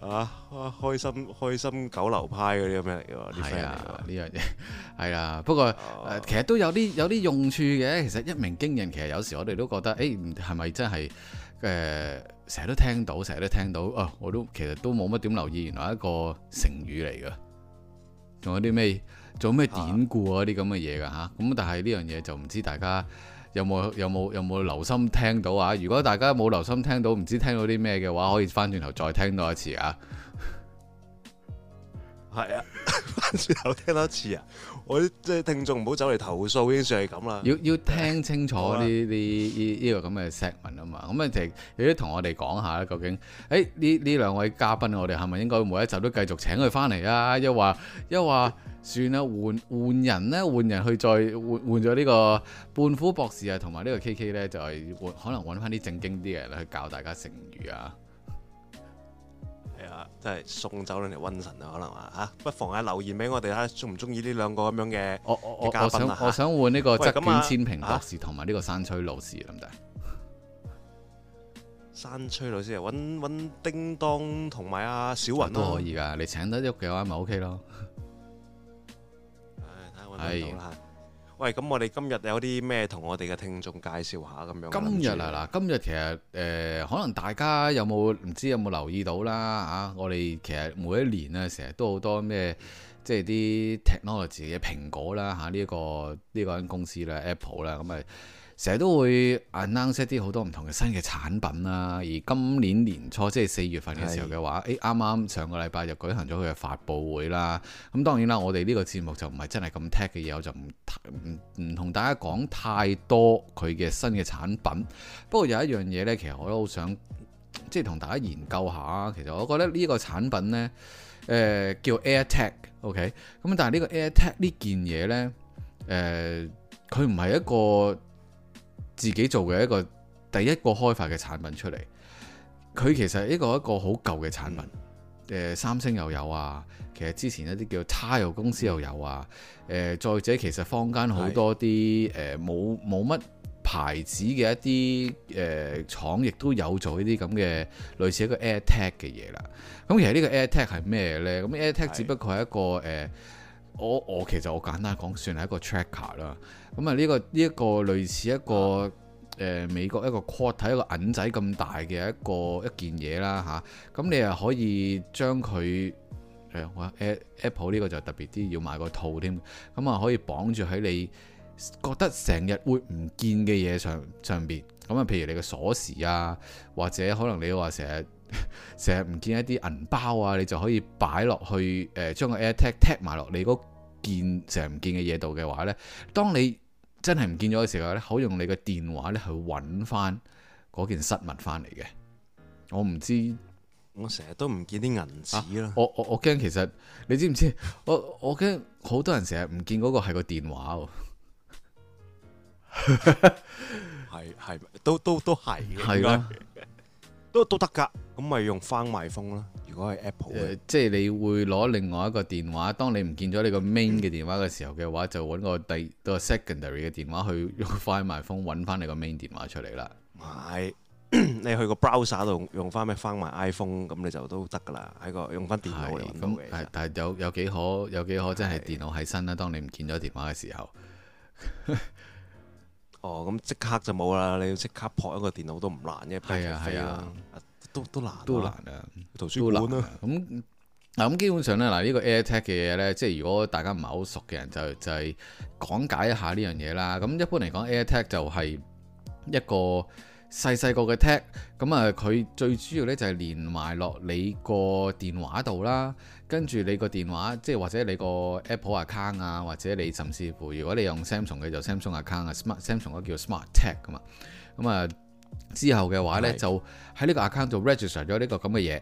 啊，啊！開心開心九流派嗰啲咩嚟㗎？係啊，呢樣嘢係啦。不過、哦呃、其實都有啲有啲用處嘅。其實一鳴驚人，其實有時我哋都覺得，誒係咪真係誒？成、呃、日都聽到，成日都聽到，哦、啊，我都其實都冇乜點留意，原來一個成語嚟嘅。仲有啲咩？做咩典故啊？啲咁嘅嘢㗎嚇。咁、啊、但係呢樣嘢就唔知大家。有冇有冇有冇留心聽到啊？如果大家冇留心聽到，唔知聽到啲咩嘅話，可以翻轉頭再聽到一次啊！係啊，翻轉頭聽多次啊！我即係聽眾，唔好走嚟投訴，已經算係咁啦。要要聽清楚呢啲呢呢個咁嘅 statement 啊嘛。咁啊些，就有啲同我哋講下，究竟誒呢呢兩位嘉賓，我哋係咪應該每一集都繼續請佢翻嚟啊？又話又話算啦，換換人咧，換人去再換換咗呢個胖虎博士啊，同埋呢個 K K 咧，就係、是、換可能揾翻啲正經啲嘅人去教大家成語啊。係啊，真係、嗯、送走兩條瘟神啊，可能話嚇，不妨啊留言俾我哋啊，中唔中意呢兩個咁樣嘅？我我我賓我想我想換呢個則卷千平博士同埋呢個山吹老師，得唔得？啊哎啊、山吹老師揾揾叮當同埋阿小雲、啊啊、都可以噶，你請得喐嘅話咪 OK 咯。唉、 哎，睇下喂，咁我哋今，今日有啲咩同我哋嘅聽眾介紹下咁樣？今日啊嗱，今日其實誒、呃，可能大家有冇唔知有冇留意到啦嚇、啊？我哋其實每一年咧、啊，成日都好多咩，即係啲 technology 嘅蘋果啦嚇，呢、啊這個呢、這個間公司啦 Apple 啦咁啊。成日都會 announce 啲好多唔同嘅新嘅產品啦、啊。而今年年初 即係四月份嘅時候嘅話，誒啱啱上個禮拜就舉行咗佢嘅發布會啦。咁、嗯、當然啦，我哋呢個節目就唔係真係咁 tech 嘅嘢，我就唔唔同大家講太多佢嘅新嘅產品。不過有一樣嘢呢，其實我都好想即係同大家研究下。其實我覺得呢個產品呢，誒、呃、叫 AirTag，OK？、Okay？咁、嗯、但係呢個 AirTag 呢件嘢呢，誒佢唔係一個。自己做嘅一個第一個開發嘅產品出嚟，佢其實呢個一個好舊嘅產品，誒，三星又有啊，其實之前一啲叫 Tile 公司又有啊，誒、呃，再者其實坊間好多啲誒冇冇乜牌子嘅一啲誒、呃、廠亦都有做呢啲咁嘅類似一個 AirTag 嘅嘢啦，咁其實呢個 AirTag 係咩呢？咁 AirTag 只不過係一個誒。呃我我其實我簡單講算係一個 tracker 啦。咁啊、這個，呢個呢一個類似一個誒、呃、美國一個 quarter 一個銀仔咁大嘅一個一件嘢啦吓，咁、啊、你又可以將佢誒 Apple 呢個就特別啲要買個套添。咁啊可以綁住喺你覺得成日會唔見嘅嘢上上邊咁啊，譬如你嘅鎖匙啊，或者可能你話成日成日唔見一啲銀包啊，你就可以擺落去誒將、呃、個 AirTag tag 埋落你嗰。見成日唔見嘅嘢度嘅話咧，當你真係唔見咗嘅時候咧，好用你嘅電話咧去揾翻嗰件失物翻嚟嘅。我唔知、啊、知、知，我成日都唔見啲銀紙咯。我我我驚其實你知唔知？我我驚好多人成日唔見嗰個係個電話喎。係係都都都係，係啦，都都得噶。咁咪的 用翻咪風啦。誒 Apple、呃，即係你會攞另外一個電話，當你唔見咗你個 main 嘅電話嘅時候嘅話，嗯、就揾個第二個 secondary 嘅電話去用翻 my phone 揾翻你個 main 電話出嚟啦。係， 你去個 browser 度用翻咩翻埋 iPhone，咁你就都得噶啦。喺個用翻電腦嚟。但係有有幾可，有幾可真，真係電腦喺身啦。當你唔見咗電話嘅時候， 哦，咁即刻就冇啦。你要即刻撲一個電腦都唔難，因係啊，係啊。都都難，都難啊！難啊，圖書館啊，咁嗱、啊，咁、嗯嗯、基本上咧，嗱、這個、呢個 AirTag 嘅嘢咧，即係如果大家唔係好熟嘅人就，就就係講解一下呢樣嘢啦。咁一般嚟講，AirTag 就係一個細細個嘅 tag。咁啊，佢最主要咧就係連埋落你個電話度啦，跟住你個電話，即係或者你個 Apple account 啊，或者你甚至乎，如果你用 Samsung 嘅就 Samsung account 啊，Smart Samsung 嗰個叫 Smart Tag 㗎嘛，咁啊。之後嘅話呢，就喺呢個 account 度，register 咗呢個咁嘅嘢。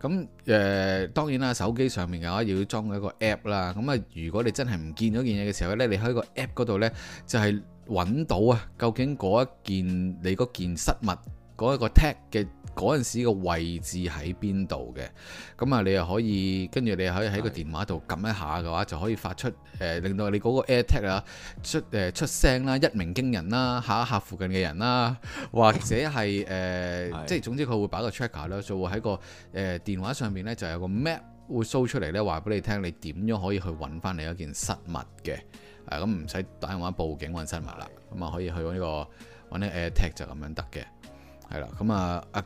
咁誒，當然啦，手機上面嘅話要裝一個 app。啦。咁啊，如果你真係唔見咗件嘢嘅時候呢，你喺個 app 嗰度呢就係揾到啊，究竟嗰一件你嗰件失物嗰一個 tag 嘅。嗰陣時個位置喺邊度嘅，咁啊你又可以跟住你又可以喺個電話度撳一下嘅話，的就可以發出誒、呃、令到你嗰個 AirTag 啊出誒、呃、出聲啦，一鳴驚人啦，嚇一嚇附近嘅人啦，或者係誒、呃、的即係總之佢會擺個 tracker 咧，就會喺個誒電話上面呢，就有個 map 會 show 出嚟呢，話俾你聽你點樣可以去揾翻你一件失物嘅。啊咁唔使打電話報警揾失物啦，咁啊可以去到呢、這個揾啲 AirTag 就咁樣得嘅，係啦，咁啊～啊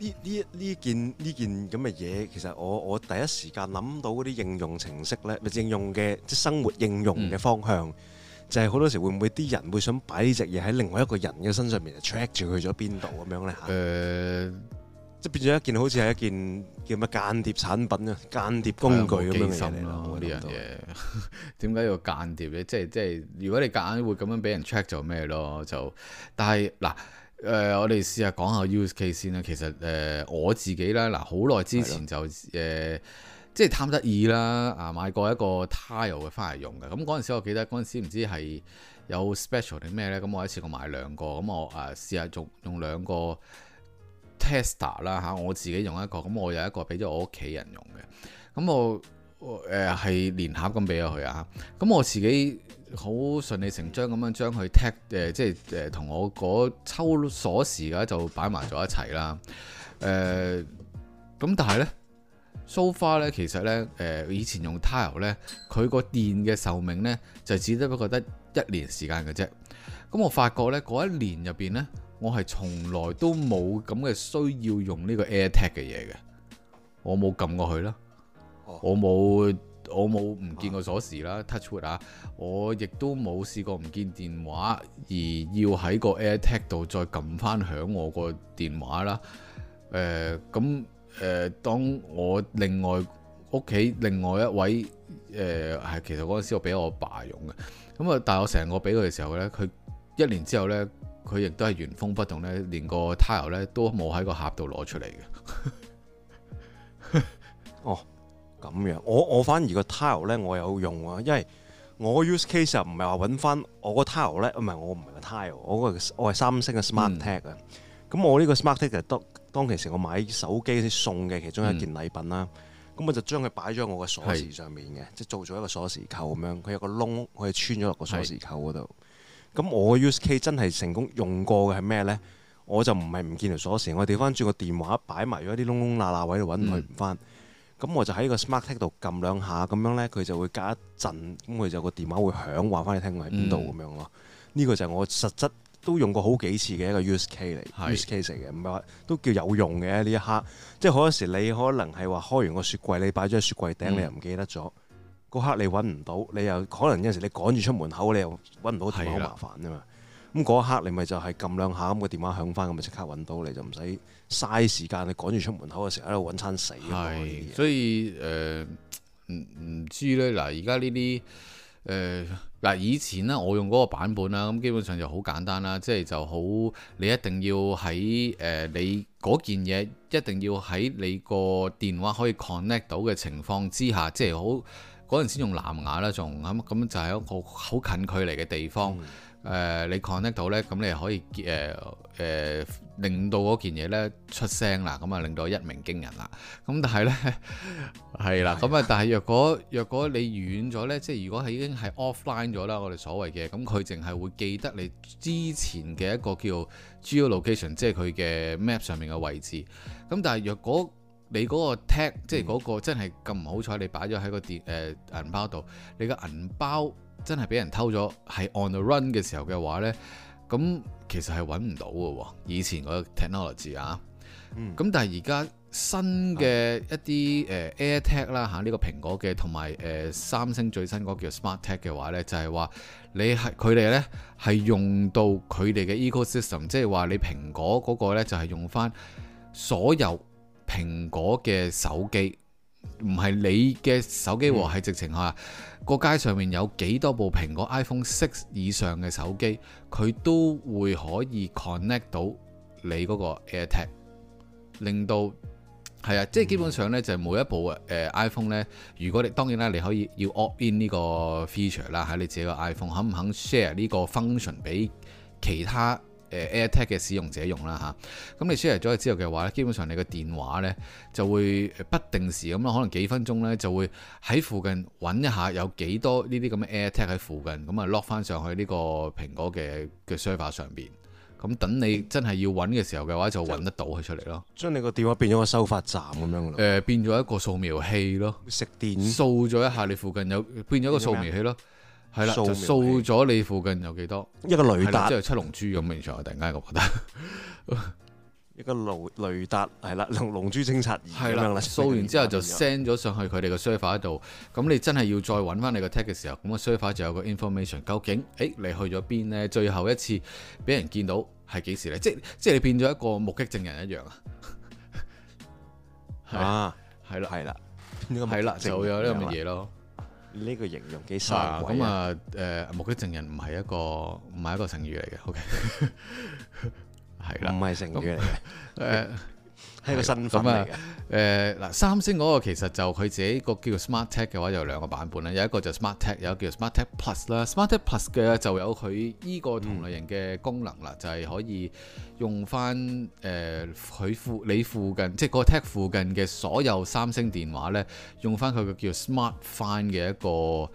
呢呢呢件呢件咁嘅嘢，其實我我第一時間諗到嗰啲應用程式咧，咪應用嘅即生活應用嘅方向，嗯、就係好多時會唔會啲人會想擺呢隻嘢喺另外一個人嘅身上面，就 track 住佢咗邊度咁樣咧嚇？誒，即變咗一件好似係一件叫咩間諜產品啊，間諜工具咁樣嘅咯，呢樣嘢點解要間諜咧？即即如果你間會咁樣俾人 track 咗咩咯？就但係嗱。誒、呃，我哋試下講下 use case 先啦。其實誒、呃，我自己咧，嗱、呃，好耐之前就誒的、呃，即係貪得意啦，啊，買過一個 tile 翻嚟用嘅。咁嗰陣時，我記得嗰陣時唔知係有 special 定咩咧。咁、嗯、我一次過買兩個，咁、嗯、我誒試下用用兩個 tester 啦、啊、嚇。我自己用一個，咁、嗯、我有一個俾咗我屋企人用嘅。咁、嗯、我誒係連盒咁俾咗佢啊。咁、嗯、我自己。好順理成章咁樣將佢 tag 誒，即係誒同我嗰抽鎖匙嘅、啊、就擺埋咗一齊啦。誒、呃、咁，但係咧，So far 咧，其實咧誒、呃、以前用 Tile 咧，佢個電嘅壽命咧就只得不過得一年時間嘅啫。咁我發覺咧，嗰一年入邊咧，我係從來都冇咁嘅需要用呢個 AirTag 嘅嘢嘅，我冇撳過去啦，我冇。我冇唔見過鎖匙啦，touchwood 啊！Touch wood，我亦都冇試過唔見電話，而要喺個 AirTag 度再撳翻響我個電話啦。誒、呃，咁誒、呃，當我另外屋企另外一位誒，係、呃、其實嗰陣時我俾我爸用嘅。咁啊，但係我成個俾佢嘅時候咧，佢一年之後咧，佢亦都係原封不動咧，連個 Tile 咧都冇喺個盒度攞出嚟嘅。 哦。咁樣，我我反而個 tile 咧，我有用啊！因為我 use case 又唔係話揾翻我，呢我個 tile 咧，唔係我唔係個 tile，我個我係三星嘅 smart tag 啊、嗯。咁我呢個 smart tag 當當其時我買手機送嘅其中一件禮品啦。咁、嗯、我就將佢擺咗我嘅鎖匙上面嘅，是即係做咗一個鎖匙扣咁樣。佢有個窿，可以穿咗落個鎖匙扣嗰度。咁是我 use case 真係成功用過嘅係咩咧？我就唔係唔見條鎖匙，我掉翻轉個電話擺埋咗啲窿窿罅罅位度揾，佢唔翻。咁、嗯、我就喺、嗯、個 Smart Tag 度撳兩下，咁樣呢，佢就會隔一陣，咁佢就個電話會響，話翻你聽我喺邊度咁樣咯。呢個就係我實質都用過好幾次嘅一個 use case 嚟，use case 嚟嘅，唔係話都叫有用嘅呢一刻。即係好多時你可能係話開完個雪櫃，你擺咗喺雪櫃頂，嗯、你又唔記得咗，嗰刻你揾唔到，你又可能有陣時你趕住出門口，你又揾唔到電話好麻煩啊嘛。咁嗰一刻，你咪就係撳兩下，咁個電話響返，咁咪即刻揾到你，就唔使嘥時間，你趕住出門口啊，成日喺度揾餐死啊！係，所以誒，唔、呃、唔知呢，嗱，而家呢啲誒嗱，以前呢，我用嗰個版本啦，咁基本上就好簡單啦，即係就好，你一定要喺誒你嗰件嘢一定要喺你個電話可以 connect 到嘅情況之下，即係好嗰陣時用藍牙啦，仲咁咁就係一個好近距離嘅地方。嗯誒你、uh, connect 到咧、so uh, uh, um, yeah, so，咁你可以誒誒令到嗰件嘢咧出聲啦，咁啊令到一鳴驚人啦。咁但係咧係啦，咁啊但係若果若果你遠咗咧，即係如果係已經係 offline 咗啦，我哋所謂嘅，咁佢淨係會記得你之前嘅一個叫 geolocation，即係佢嘅 map 上面嘅位置。咁但係若果你嗰個 tag，即係嗰個真係咁唔好彩，你擺咗喺個電誒銀包度，你嘅銀包。真係俾人偷咗，係 on the run 嘅時候嘅話呢，咁其實係揾唔到嘅。以前個 technology 啊，咁、嗯、但係而家新嘅一啲誒 AirTag 啦嚇，呢、呃啊呢個蘋果嘅同埋誒三星最新嗰個叫 SmartTag 嘅話呢，就係、是、話你係佢哋呢係用到佢哋嘅 ecosystem，即係話你蘋果嗰個咧就係、是、用翻所有蘋果嘅手機。唔係你嘅手機喎，係、嗯、直情下個街上面有幾多部蘋果 iPhone 6以上嘅手機，佢都會可以 connect 到你嗰個 AirTag，令到係啊，嗯、即係基本上呢，就係、每一部誒、呃、iPhone 呢。如果你當然啦，你可以要 opt in 呢個 feature 啦，喺、啊、你自己個 iPhone 肯唔肯 share 呢個 function 俾其他，誒 AirTag 嘅使用者用啦嚇，咁、啊、你 share 咗之後嘅話咧，基本上你個電話咧就會不定時咁咯，可能幾分鐘咧就會喺附近揾一下有幾多呢啲咁嘅 AirTag 喺附近，咁、嗯、啊 lock 翻上去呢個蘋果嘅嘅 server 上邊，咁、嗯、等你真係要揾嘅時候嘅話，就揾得到佢出嚟咯。將你個電話變咗個收發站咁樣咯。誒、呃，變咗一個掃描器咯，食電掃咗一下你附近有，變咗個掃描器咯。係啦，就掃咗你附近有幾多一個雷達，即係、就是、七龍珠咁，明唔明？我突然間我覺得一個雷雷達係啦，龍龍珠偵察儀係啦，掃了樣完之後就 send 咗上去佢哋個 server 度。咁你真係要再揾翻你個 tag 嘅時候，咁個 server 就有個 information。究竟誒、欸，你去咗邊呢？最後一次俾人見到係幾時咧？即即係你變咗一個目擊證人一樣 對啊！啊了，係啦了，係啦，係啦，就有呢咁嘅嘢咯。呢個形容幾犀利咁啊。誒、嗯啊呃、目擊證人唔係一個唔係一個成語嚟嘅，OK，係啦，唔 係 了成語嚟嘅。係個的身份啊。誒嗱、呃，三星嗰個其實就佢自己個叫做 Smart Tag 嘅話，有兩個版本咧，有一個就 Smart Tag，有一個叫 Smart Tag Plus 啦。Smart Tag Plus 嘅就有佢依個同類型嘅功能啦，嗯、就係可以用翻誒佢附你附近，即係個 Tag 附近嘅所有三星電話咧，用翻佢個叫 Smart Find 嘅一個，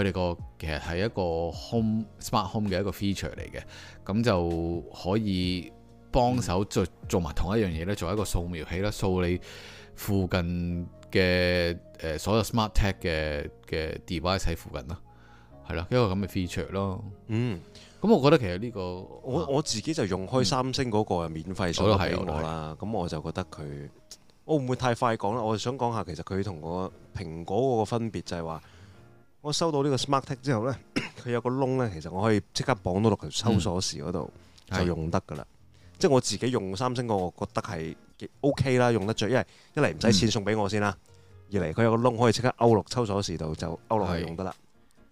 佢哋個其實係一個 Home Smart Home 嘅一個 feature 嚟嘅，咁就可以。幫手做做埋同一樣嘢咧，做一個掃描器啦，掃你附近嘅誒、呃、所有 Smart Tag 嘅嘅 device 喺附近咯，係咯，一個咁嘅 feature 咯。嗯，咁我覺得其實呢、呢個我我自己就用開三星嗰個、嗯、免費送咗俾我啦。咁我，我，我就覺得佢我唔會太快講啦。我想講下其實佢同個蘋果嗰個分別就係話，我收到呢個 Smart Tag 之後呢，佢有個窿呢，其實我可以即刻綁到落去收鎖匙嗰度、嗯、就用得㗎啦。即係我自己用三星個，我覺得係 OK 啦，用得着，因為一嚟唔使錢送俾我先啦，嗯、二嚟佢有個窿可以即刻勾落抽鎖匙度，就勾落去用得啦。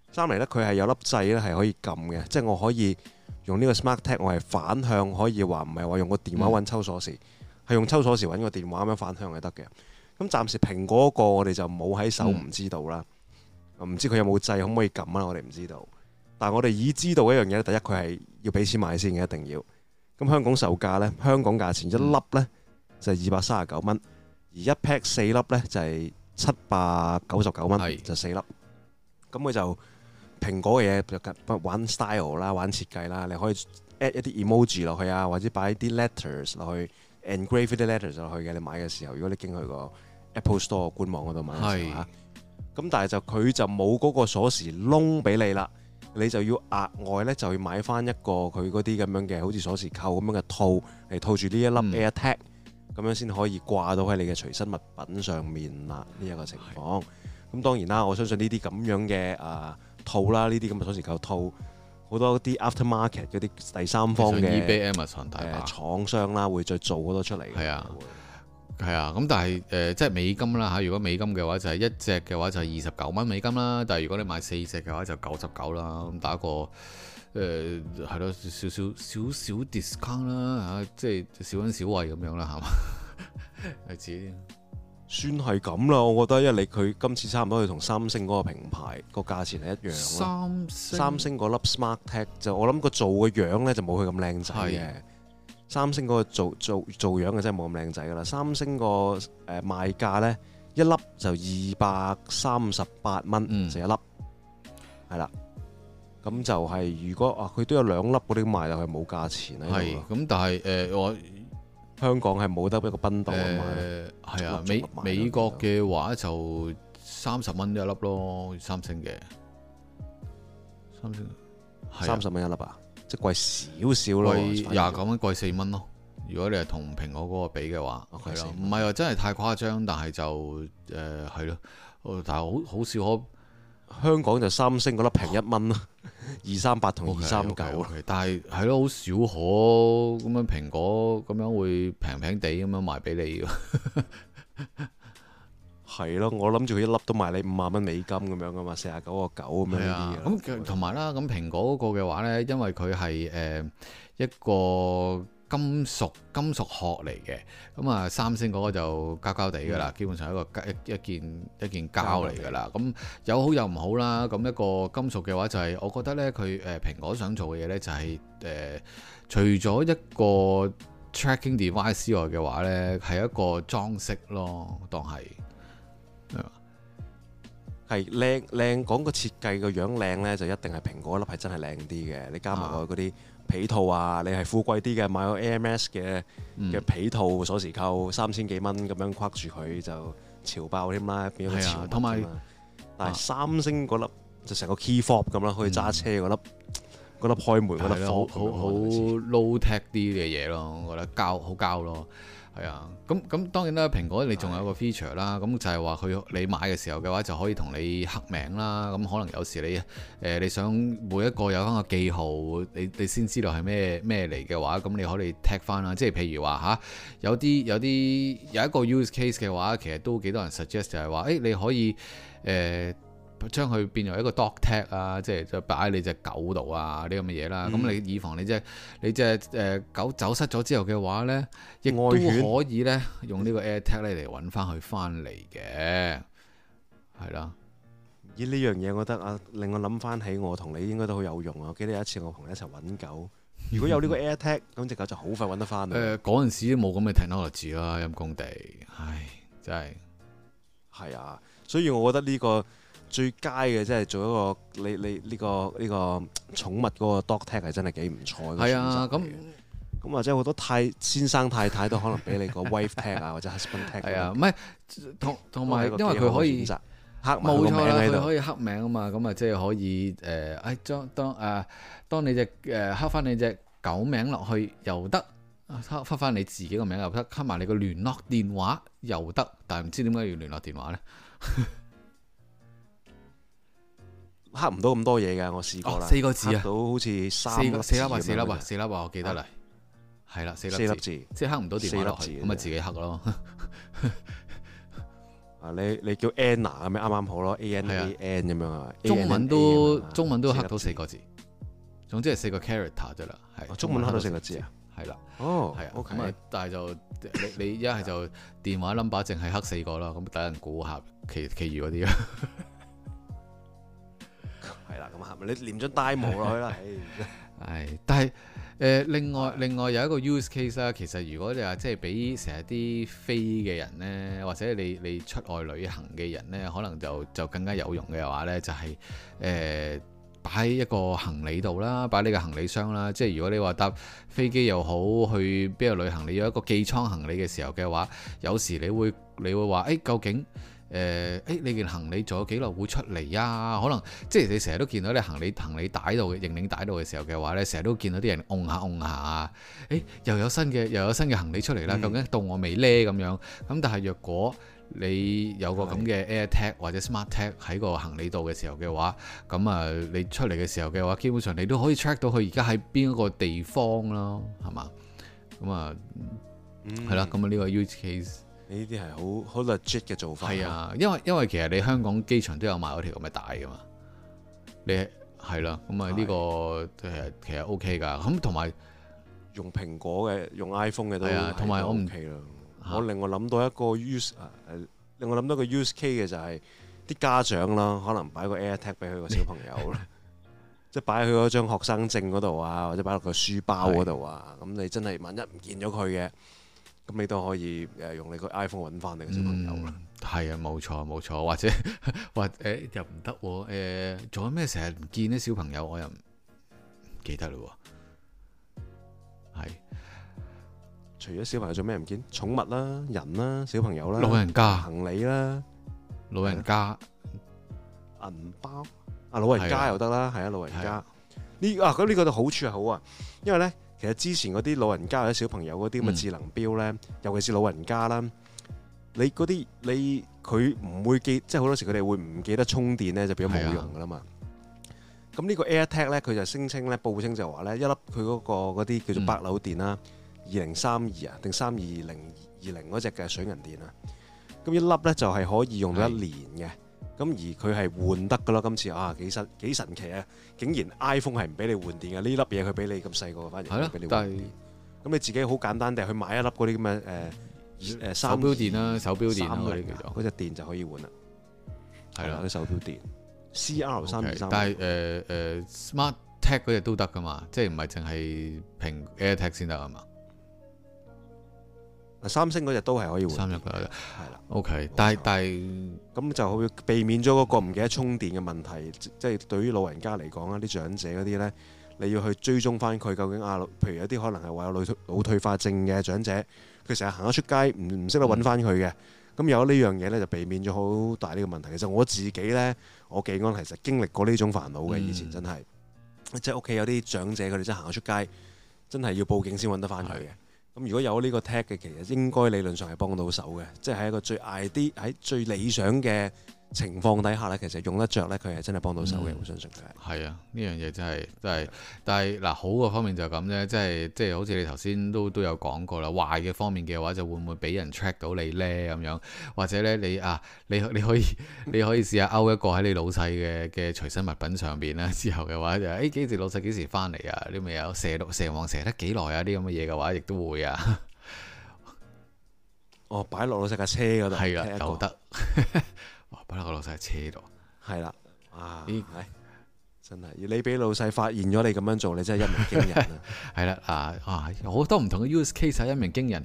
是 三嚟呢，佢係有粒掣咧係可以撳嘅，即係我可以用呢個 SmartTag，我係反向可以話唔係話用個電話揾抽鎖匙，係、嗯、用抽鎖匙揾個電話咁樣反向係得嘅。咁暫時蘋果嗰個我哋就冇喺手，唔知道啦。唔、嗯、知佢有冇掣，可唔可以撳啊？我哋唔知道，但係我哋已知道一樣嘢，第一佢係要俾錢買先嘅，一定要。咁香港售價咧，香港價錢一粒咧就係二百三十九蚊，而一 pack 四粒咧就係七百九十九蚊，就四粒。咁佢就蘋果嘅嘢就玩 style 啦，玩設計啦，你可以 add 一啲 emoji 落去啊，或者擺啲 letters 落去，engrave 啲 letters 落去嘅。你買嘅時候，如果你經去個 Apple Store 官網嗰度買嘅時候啊，咁但係就佢就冇嗰個鎖匙窿俾你啦。你就要額外咧，就要買翻一個佢嗰啲咁樣嘅，好似鎖匙扣咁、嗯、樣嘅套嚟套住呢一粒 AirTag，咁樣先可以掛到喺你嘅隨身物品上面啦。呢、這、一個情況，咁、嗯、當然啦，我相信呢啲咁樣嘅啊套啦，呢啲咁嘅鎖匙扣套，好多啲 aftermarket 嗰啲第三方嘅 EVM、呃、廠商啦，會再做好多出嚟嘅。係啊，咁但係誒、呃，即係美金啦嚇。如果美金嘅話，就係、是、一隻嘅話就係二十九蚊美金啦。但係如果你買四隻嘅話，就九十九啦。咁打個誒係咯，少少少少 discount 啦嚇、啊，即係小恩小惠咁樣啦，係嘛？係 止， 算係咁啦。我覺得，因為你佢今次差唔多佢同三星嗰個品牌個價錢係一樣。三星嗰粒 Smart Tag 就我諗個做嘅樣咧就冇佢咁靚仔嘅。三星嗰個做做做樣嘅真係冇咁靚仔噶啦，三星個誒賣價咧一粒就二百三十八蚊，成、嗯、一粒，係啦，咁就係、是、如果啊，佢都有兩粒嗰啲賣，係冇價錢啊。係，咁但係誒，我、呃、香港係冇得一個賓刀嘅買。誒係啊，美美國嘅話就三十蚊一粒咯，三星嘅，三星三十蚊一粒呀。了即貴少少咯，廿九蚊貴四蚊咯。如果你係同蘋果嗰個比嘅話，唔係話真係太誇張，但係就誒係咯。但係好好少可香港就三星嗰粒平一蚊咯， 二三八同二三九。Okay, okay, okay，但係係咯，好少可咁樣蘋果咁樣會平平地咁樣賣俾你㗎。 係咯，我諗住佢一粒都賣你五萬蚊美金咁樣噶嘛，四十九個九咁樣啲咁的。同埋啦，咁蘋果嗰個嘅話呢，因為佢係誒一個金屬金屬殼嚟嘅。咁啊，三星嗰個就膠膠地噶啦，嗯、基本上一個一一件一件膠嚟噶啦。咁有好有唔好啦。咁一個金屬嘅話、就是，就係我覺得呢，佢誒蘋果想做嘅嘢呢就係、是、誒、呃、除咗一個 tracking device 之外嘅話呢，係一個裝飾咯，當係。係靚靚講個設計個樣靚咧，就一定係蘋果粒係真係靚啲嘅。你加埋個嗰啲皮套啊，你係富貴啲嘅買個 AMS 嘅嘅皮套鎖匙、嗯、扣三千幾蚊咁樣，框住佢就潮爆添啦，變咗個潮同埋、啊、但係三星嗰粒就成個 key fob 咁啦，啊、可以揸車嗰粒粒開門嗰粒好好 low tech 啲嘅嘢咯，我覺得膠好膠咯。好係啊，咁咁、嗯嗯、當然啦，蘋果你仲有個 feature 啦的，咁就係話佢你買嘅時候嘅話，就可以同你刻名啦。咁、嗯、可能有時你誒、呃、你想每一個有翻個記號，你你先知道係咩咩嚟嘅話，咁、嗯、你可以 tag 翻啦。即係譬如話吓，有啲有啲有一個 use case 嘅話，其實都幾多人 suggest 就係話，誒、欸、你可以誒。呃將佢變為一個 dog tag 啊，即係就擺喺你隻狗度啊啲咁嘅嘢啦。咁你、嗯、以防你隻你隻誒狗走失咗之後嘅話呢，亦都可以呢，用呢個 AirTag 咧嚟揾翻佢翻嚟嘅，係啦。以呢樣嘢我覺得啊，令我諗翻起我同你應該都好有用啊！我記得有一次我同你一齊揾狗，如果有呢個 AirTag，咁隻狗就好快揾得翻。嚟、 呃。嗰陣時都冇咁嘅 technology 啦，陰功地，唉，真係係啊！所以我覺得呢、呢個。最佳嘅即係做一個你你呢、這個呢個寵物嗰個 dog tag 係真係幾唔錯嘅選擇嚟嘅。係啊，咁咁或者好多太先生太太都可能俾你個 wife tag 啊，或者 husband tag。係啊，唔係、那個、同同埋因為佢可以刻冇錯啦、啊，佢可以刻名啊嘛，咁啊即係可以誒誒將當誒、啊、當你隻誒、呃、刻翻你隻狗名落去又得，刻翻你自己個名又得，刻埋你個聯絡電話又得，但係唔知點解要聯絡電話咧？ 刻唔到咁多嘢，嘅，我試過啦，刻到好似三、四粒啊？四粒啊，四粒啊，我記得啦，係啦，四粒字，即係刻唔到電話落去，咁咪自己刻咯。啊，你你叫 Anna 咁樣啱啱好咯，A N A N 咁樣啊，中文都中文都刻到四個字，總之係四個 character 啫啦。係，中文刻到四個字啊，係啦，哦，係啊，O K。但係就你一係就電話 number 淨係刻四個啦，咁等人估下，其其餘嗰啲。係啦，咁係咪你粘張呆帽落去啦？唉。 係，但係，誒，另外，另外有一個 use case 啦，啊，其實如果你話即係俾成日啲飛嘅人呢，或者你你出外旅行嘅人呢，可能就就更加有用嘅話呢，就係、是、誒，擺、呃、喺一個行李度啦，擺喺個行李箱啦，即係如果你話搭飛機又好，去邊度旅行，你有一個寄艙行李嘅時候嘅話，有時你會你會話，誒，究竟，誒，誒、呃哎，你件行李仲有幾耐會出嚟啊？可能即係你成日都見到你行李，行李帶到嘅，認領帶到嘅時候嘅話咧，成日都見到啲人按下按下，誒、哎、又有新嘅又有新嘅行李出嚟啦。嗯、究竟到我未呢咁樣？咁但係若果你有個咁嘅 AirTag 或者 SmartTag 喺個行李度嘅時候嘅話，咁啊你出嚟嘅時候嘅話，基本上你都可以 track 到佢而家喺邊一個地方咯，係嘛？咁啊，係啦、嗯，咁啊呢個 use case。呢啲係好好 legit 嘅做法。係啊，因為因為其實你香港機場都有賣嗰條咁嘅帶噶嘛。你係啦，咁啊呢、啊、個其實，、啊、其實 OK 噶。咁同埋用蘋果嘅、用 iPhone 嘅都 OK 啦。我另外諗到一個 use，另外諗到一個 use case 嘅就係啲家長啦，可能擺個 AirTag 俾佢個小朋友啦，即係擺佢嗰張學生證嗰度啊，或者擺落個書包嗰度啊。咁你真係萬一唔見咗佢嘅。咁你都可以誒用你個 iPhone 揾翻你個小朋友啦。係啊、嗯，冇錯冇錯，或者或誒、欸、又唔得喎。做緊咩？成日唔見啲小朋友我，我又唔記得嘞。係。除咗小朋友做咩唔見？寵物啦、人啦、小朋友啦、老人家、行李啦、老人家、銀包啊、老人家又得啦。係啊，老人家。呢啊咁呢個嘅好處係好啊，因為咧。其實之前嗰啲老人家或者小朋友嗰啲咁嘅智能錶咧，嗯、尤其是老人家啦，你啲你佢唔會記，即係好多時佢哋會唔記得充電咧，就變咗冇用噶啦嘛。咁是、啊、呢個 AirTag 咧，佢就聲稱咧報稱就話咧，一粒佢嗰個嗰啲叫做百樓電啦，二零三二啊定三二零二零嗰隻嘅水銀電啊，咁一粒咧就係可以用到一年嘅。咁而佢係換得噶咯，今次啊幾神幾神奇啊！竟然 iPhone 係唔俾你換電嘅呢粒嘢，佢俾你咁細個反而俾你換電咁的你自己好簡單地去買一粒嗰啲咁嘅誒誒手表電啦，手表電嗰、啊、隻電、啊、電就可以換啦。係啦的，啲手表電 CR 三二三。但係誒誒 Smart Tag 嗰隻都得噶嘛，即係唔係淨係平 Air Tag 先得啊嘛？三星嗰隻都係可以換，三日嗰隻係啦。O K，了但係醜但係咁就避免咗嗰個唔記得充電嘅問題，即係對於老人家嚟講啦，啲長者嗰啲咧，你要去追蹤翻佢究竟啊，譬如有啲可能係話有腦退化症嘅長者，佢成日行咗出街唔唔識得揾翻佢嘅，咁、嗯、有呢樣嘢咧就避免咗好大呢個問題。其實我自己咧，我記憶中其實經歷過呢種煩惱嘅，嗯、以前真係即係屋企有啲長者佢哋真係行咗出街，真係要報警先揾得翻佢嘅。嗯咁如果有呢個 tag 嘅，其實應該理論上係幫到手嘅，即係一個最啱啲，喺最理想嘅。情況底下咧，其實用得着咧，佢係真係幫到手嘅，嗯、我相信嘅。係啊，呢樣嘢真係真係，但係嗱好嘅方面就咁啫，即係即係好似你頭先都都有講過啦。壞嘅方面嘅話，就會唔會俾人 track 到你呢？咁樣，或者呢，你啊，你你可以你可以，你可以試下勾一個喺你老細嘅嘅隨身物品上邊啦。之後嘅話就誒幾時老細幾時翻嚟啊？你咪有蛇毒蛇王蛇得幾耐啊？啲咁嘅嘢嘅話，亦都會啊。哦，擺落老細架車嗰度係啊，又得。 哇！把個老細車到，係啦，啊，咦、哎，真係，你俾老細發現咗你咁樣做，你真係一鳴驚人 啊！係啦，啊啊，好多唔同嘅 use case 一鳴驚人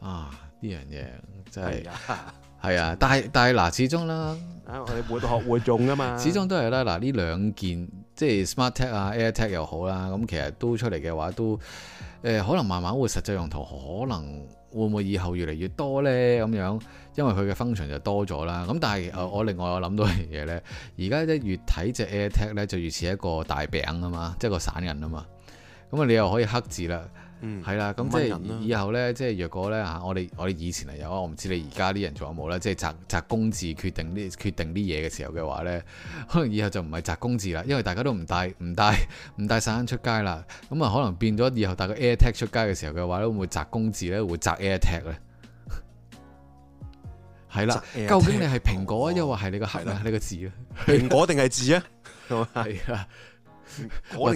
啊！呢樣嘢真係，係啊，但係但係嗱，始終啦，啊，我哋活學活用啊嘛，始終 都係啦，嗱、啊，呢兩件即係 smart tag 啊，air tag 又好啦，咁、啊、其實都出嚟嘅話都，誒、呃，可能慢慢會實際用途，可能。會唔會以後越嚟越多呢？咁樣，因為佢嘅 function 就多咗啦。咁但係，我另外我諗到一樣嘢呢：而家即越睇隻 AirTag 呢，就越似一個大餅啊嘛，即係個散人啊嘛。咁啊，你又可以刻字啦。嗯，係啦，咁即係以後咧，即係若果咧吓，我哋我哋以前係有啊，我唔知你而家啲人仲有冇咧，即係擇擇公字決定啲決定啲嘢嘅時候嘅話咧，可能以後就唔係擇公字啦，因為大家都唔帶唔帶唔帶散出街啦，咁啊可能變咗以後帶個 AirTag 出街嘅時候嘅話會唔會擇公字咧，會擇 AirTag 咧，係啦，究竟你係蘋果啊，又或係你個係啊，你個字啊，蘋果定係字啊，係啊。或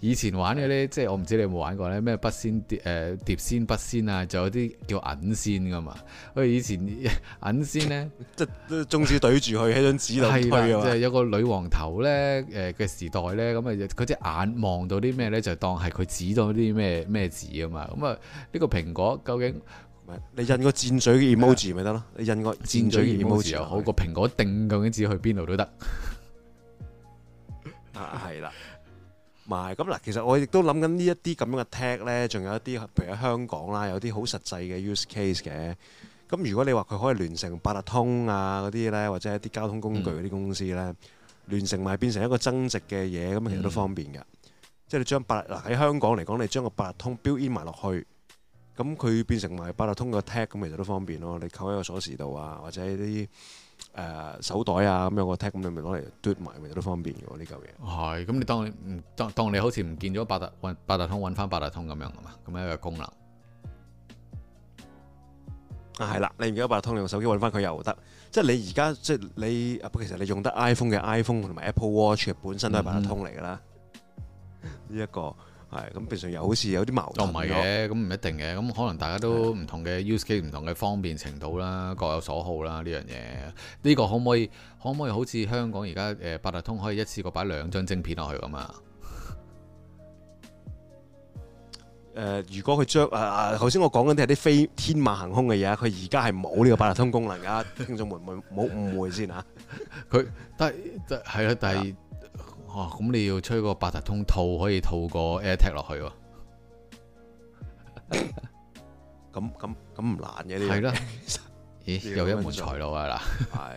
以前玩嘅咧，即、就、係、是、我唔知你有冇玩過咧，咩筆仙、誒疊仙、筆仙啊，仲有啲叫銀仙噶嘛。因為以前銀仙咧，即係中指懟住佢喺張紙度即係有個女王頭咧，誒、呃、嘅時代咧，咁啊，佢隻眼望到啲咩咧，就當係佢指到啲咩咩字啊嘛。咁、嗯、啊，呢、這個蘋果究竟，你印個尖嘅 emoji 咪得咯？你印個尖嘴 emoji 又好過蘋果定究竟指去邊度都得。啊，係啦。咁嗱，其實我亦都諗緊呢一啲咁樣嘅 tag 呢，仲有一啲譬如喺香港啦，有啲好實際嘅 Use Case 嘅。咁如果你話佢可以聯成八達通啊嗰啲呢，或者一啲交通工具嗰啲公司呢，嗯、聯成埋變成一個增值嘅嘢，咁其實都方便嘅。嗯、即係你將八嗱喺香港嚟講，你將個八達通 Build In 埋落去。咁佢變成埋八達通個 tag，咁其實都方便咯。你扣喺個鎖匙度啊，或者啲誒、呃、手袋啊，咁、那、有個 tag，咁你咪攞嚟嘟 o 埋，咪都方便嘅喎呢嚿嘢。係，咁你當你唔當當你好似唔見咗八達八達通揾翻八達通咁樣啊嘛，咁樣一個功能。啊，係啦，你唔記得八達通你用手機揾翻佢又得，即係你而家即係你，其實你用得 iPhone 嘅 iPhone 同埋 Apple Watch 本身都係八達通嚟噶啦，呢一、嗯 這個。係咁，平常又好似有啲矛盾。唔係嘅，咁唔一定嘅，咁可能大家都唔同嘅 use case 唔同嘅方便程度啦，各有所好啦。呢樣嘢呢個可唔可以可唔可以好似香港而家誒八達通可以一次過擺兩張晶片落去咁啊？誒、呃，如果佢將誒誒，頭、呃、先我講緊啲係啲飛天馬行空嘅嘢，佢而家係冇呢個八達通功能噶， 聽眾們唔冇誤會先吓、啊？佢但係但係但係。 哦，咁你要吹個八達通套可以套個 AirTag 落去喎？咁咁咁唔難嘅呢？係咯，咦的， 欸、又一門財路啊嗱，係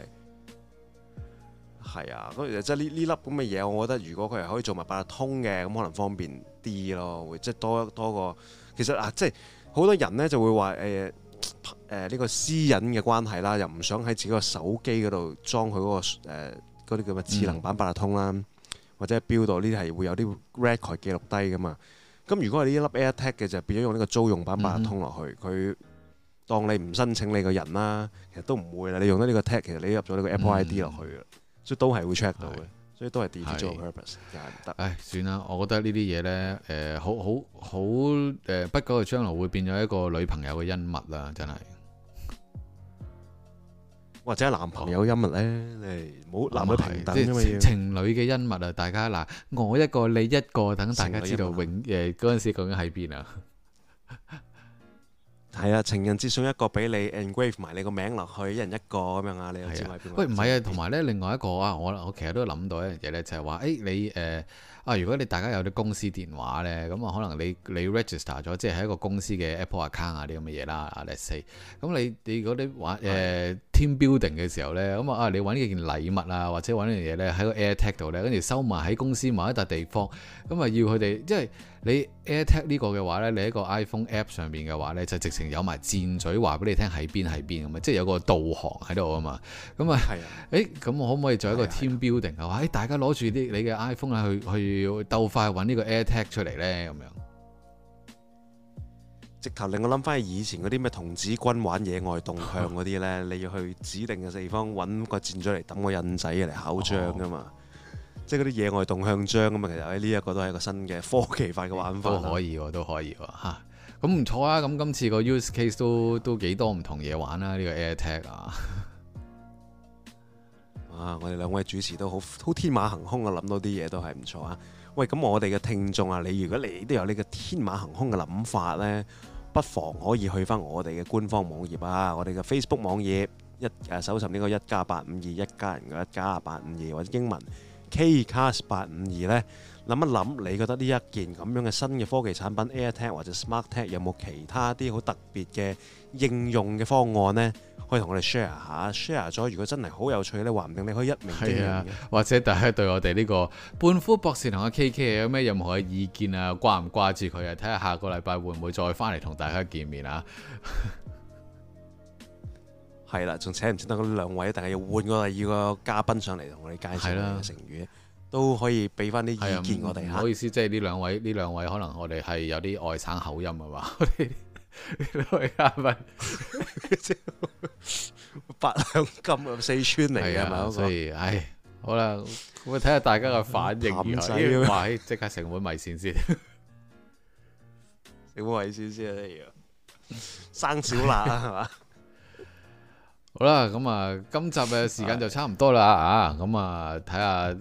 係啊，咁其實即係呢呢粒咁嘅嘢，這這我覺得如果佢係可以做埋八達通嘅，咁可能方便啲咯，會即係多多一個。其實啊，即係好多人咧就會話誒誒呢個私隱嘅關係啦，又唔想喺自己手機、嗰個手機嗰度裝佢嗰個誒嗰啲叫乜智能版八達通啦。嗯嗯或者標度呢啲係會有啲 record 記錄低噶嘛？咁如果係呢一粒 AirTag 嘅就變咗用呢個租用版八達通落去，佢、嗯、當你唔申請你個人啦，其實都唔會啦。你用咗呢個 tag，其實你入咗呢個 Apple ID 落、嗯、去啦，所以都係會 check 到嘅，是所以都係 delete 做 purpose 又係唔得。唉，算啦，我覺得呢啲嘢咧，誒、呃，好好好，誒，不久嘅將來會變咗一個女朋友嘅恩物啦，真係。或者男朋友恩物呢，你冇男女平等即嘛要，情情侶嘅恩物啊，大家嗱，我一個你一個，等大家知道永誒嗰陣時究竟喺邊啊？ 係啊，情人節送一個俾你，engrave 埋你個名落去，一人一個咁樣啊，你又知喺邊？喂，唔係啊，同埋咧，另外一個啊，我我其實都諗到一樣嘢咧，就係話，誒你誒啊，如果你大家有啲公司電話咧，咁啊，可能你你 register 咗，即係喺一個公司嘅 Apple account 啊啲咁嘅嘢啦，let's say，咁你你嗰啲玩誒 team building 嘅時候咧，咁啊啊，你揾呢件禮物啊，或者揾一樣嘢咧，喺個 AirTag 度咧，跟住收埋喺公司某一笪地方，咁啊要佢哋即係。你 AirTag 呢個嘅話呢，你喺個 iPhone App 上面嘅話呢，就直情有埋箭嘴話俾你聽喺邊喺邊咁啊！即係有個導航喺度啊嘛。咁啊，誒咁係啊、欸、我可唔可以做一個 team building 啊？誒大家攞住啲你嘅 iPhone 啊，去去鬥快揾呢個 AirTag 出嚟呢？咁樣。直頭令我諗翻以前嗰啲咩童子軍玩野外動向嗰啲呢，嗯、你要去指定嘅地方揾個箭嘴嚟揼個印仔嚟考章噶嘛。哦。即係嗰啲野外動向張咁啊！其實呢一個都係一個新嘅科技化嘅玩法，都可以喎，都可以喎，咁唔錯啊！咁今、啊、次個 use case 都都幾多唔同嘢玩啦。呢個 AirTag 啊，這個、Air 啊，啊，我哋兩位主持都好好天馬行空嘅諗到啲嘢都係唔錯啊。喂，咁我哋嘅聽眾啊，你如果你都有呢個天馬行空嘅諗法呢，不妨可以去翻我哋嘅官方網頁啊，我哋嘅 Facebook 網頁一搜尋呢個一家八五二一家人嘅一家八五二或者英文。Kcast 八五二呢，諗一諗，你覺得呢一件咁樣嘅新嘅科技產品 AirTag 或者 SmartTag 有冇其他啲好特別嘅應用嘅方案呢？可以同我哋 share 下，share 咗如果真係好有趣咧，話唔定你可以一鳴驚人嘅。或者大家對我哋呢個胖處博士同阿 KK 有咩任何嘅意見啊？掛唔掛住佢啊？睇下下個禮拜會唔會再翻嚟同大家見面啊？ 係啦，仲請唔請得嗰兩位？定係要換個第二個嘉賓上嚟同我哋介紹嘅成語，都、啊、可以俾翻啲意見、啊、我哋們。唔好意思，即係呢兩位，呢兩位可能我哋係有啲外省口音啊嘛。我哋呢兩位嘉賓， 八兩金入四川嚟啊嘛。那個、所以，唉、哎，好啦，我睇下大家嘅反應如何。即刻成碗米線先。 成碗米線先生小辣啊？係嘛？好啦，咁啊，今集嘅時間就差唔多啦啊，咁啊，睇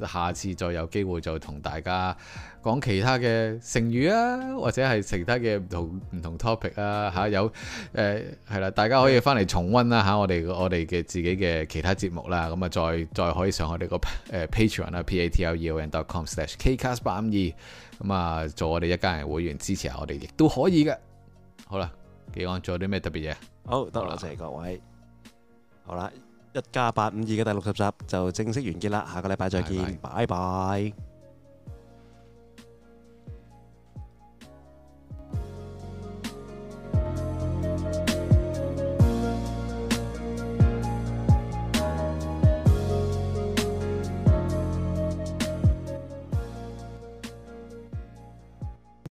下下次再有機會再同大家講其他嘅成語啊，或者係其他嘅唔同唔同 topic 啊吓，有誒係啦，大家可以翻嚟重溫啦吓，我哋我哋嘅自己嘅其他節目啦，咁啊，再再可以上我哋個 Patreon 啊 p a t l e o n c o m k c a s t 8 5 2，咁啊，做我哋一家人會員支持下我哋亦都可以嘅。好啦，幾安做有啲咩特別嘢？好，多謝各位。好啦，一家八五二嘅第六十集就正式完結啦，下個禮拜再見，拜拜。Bye bye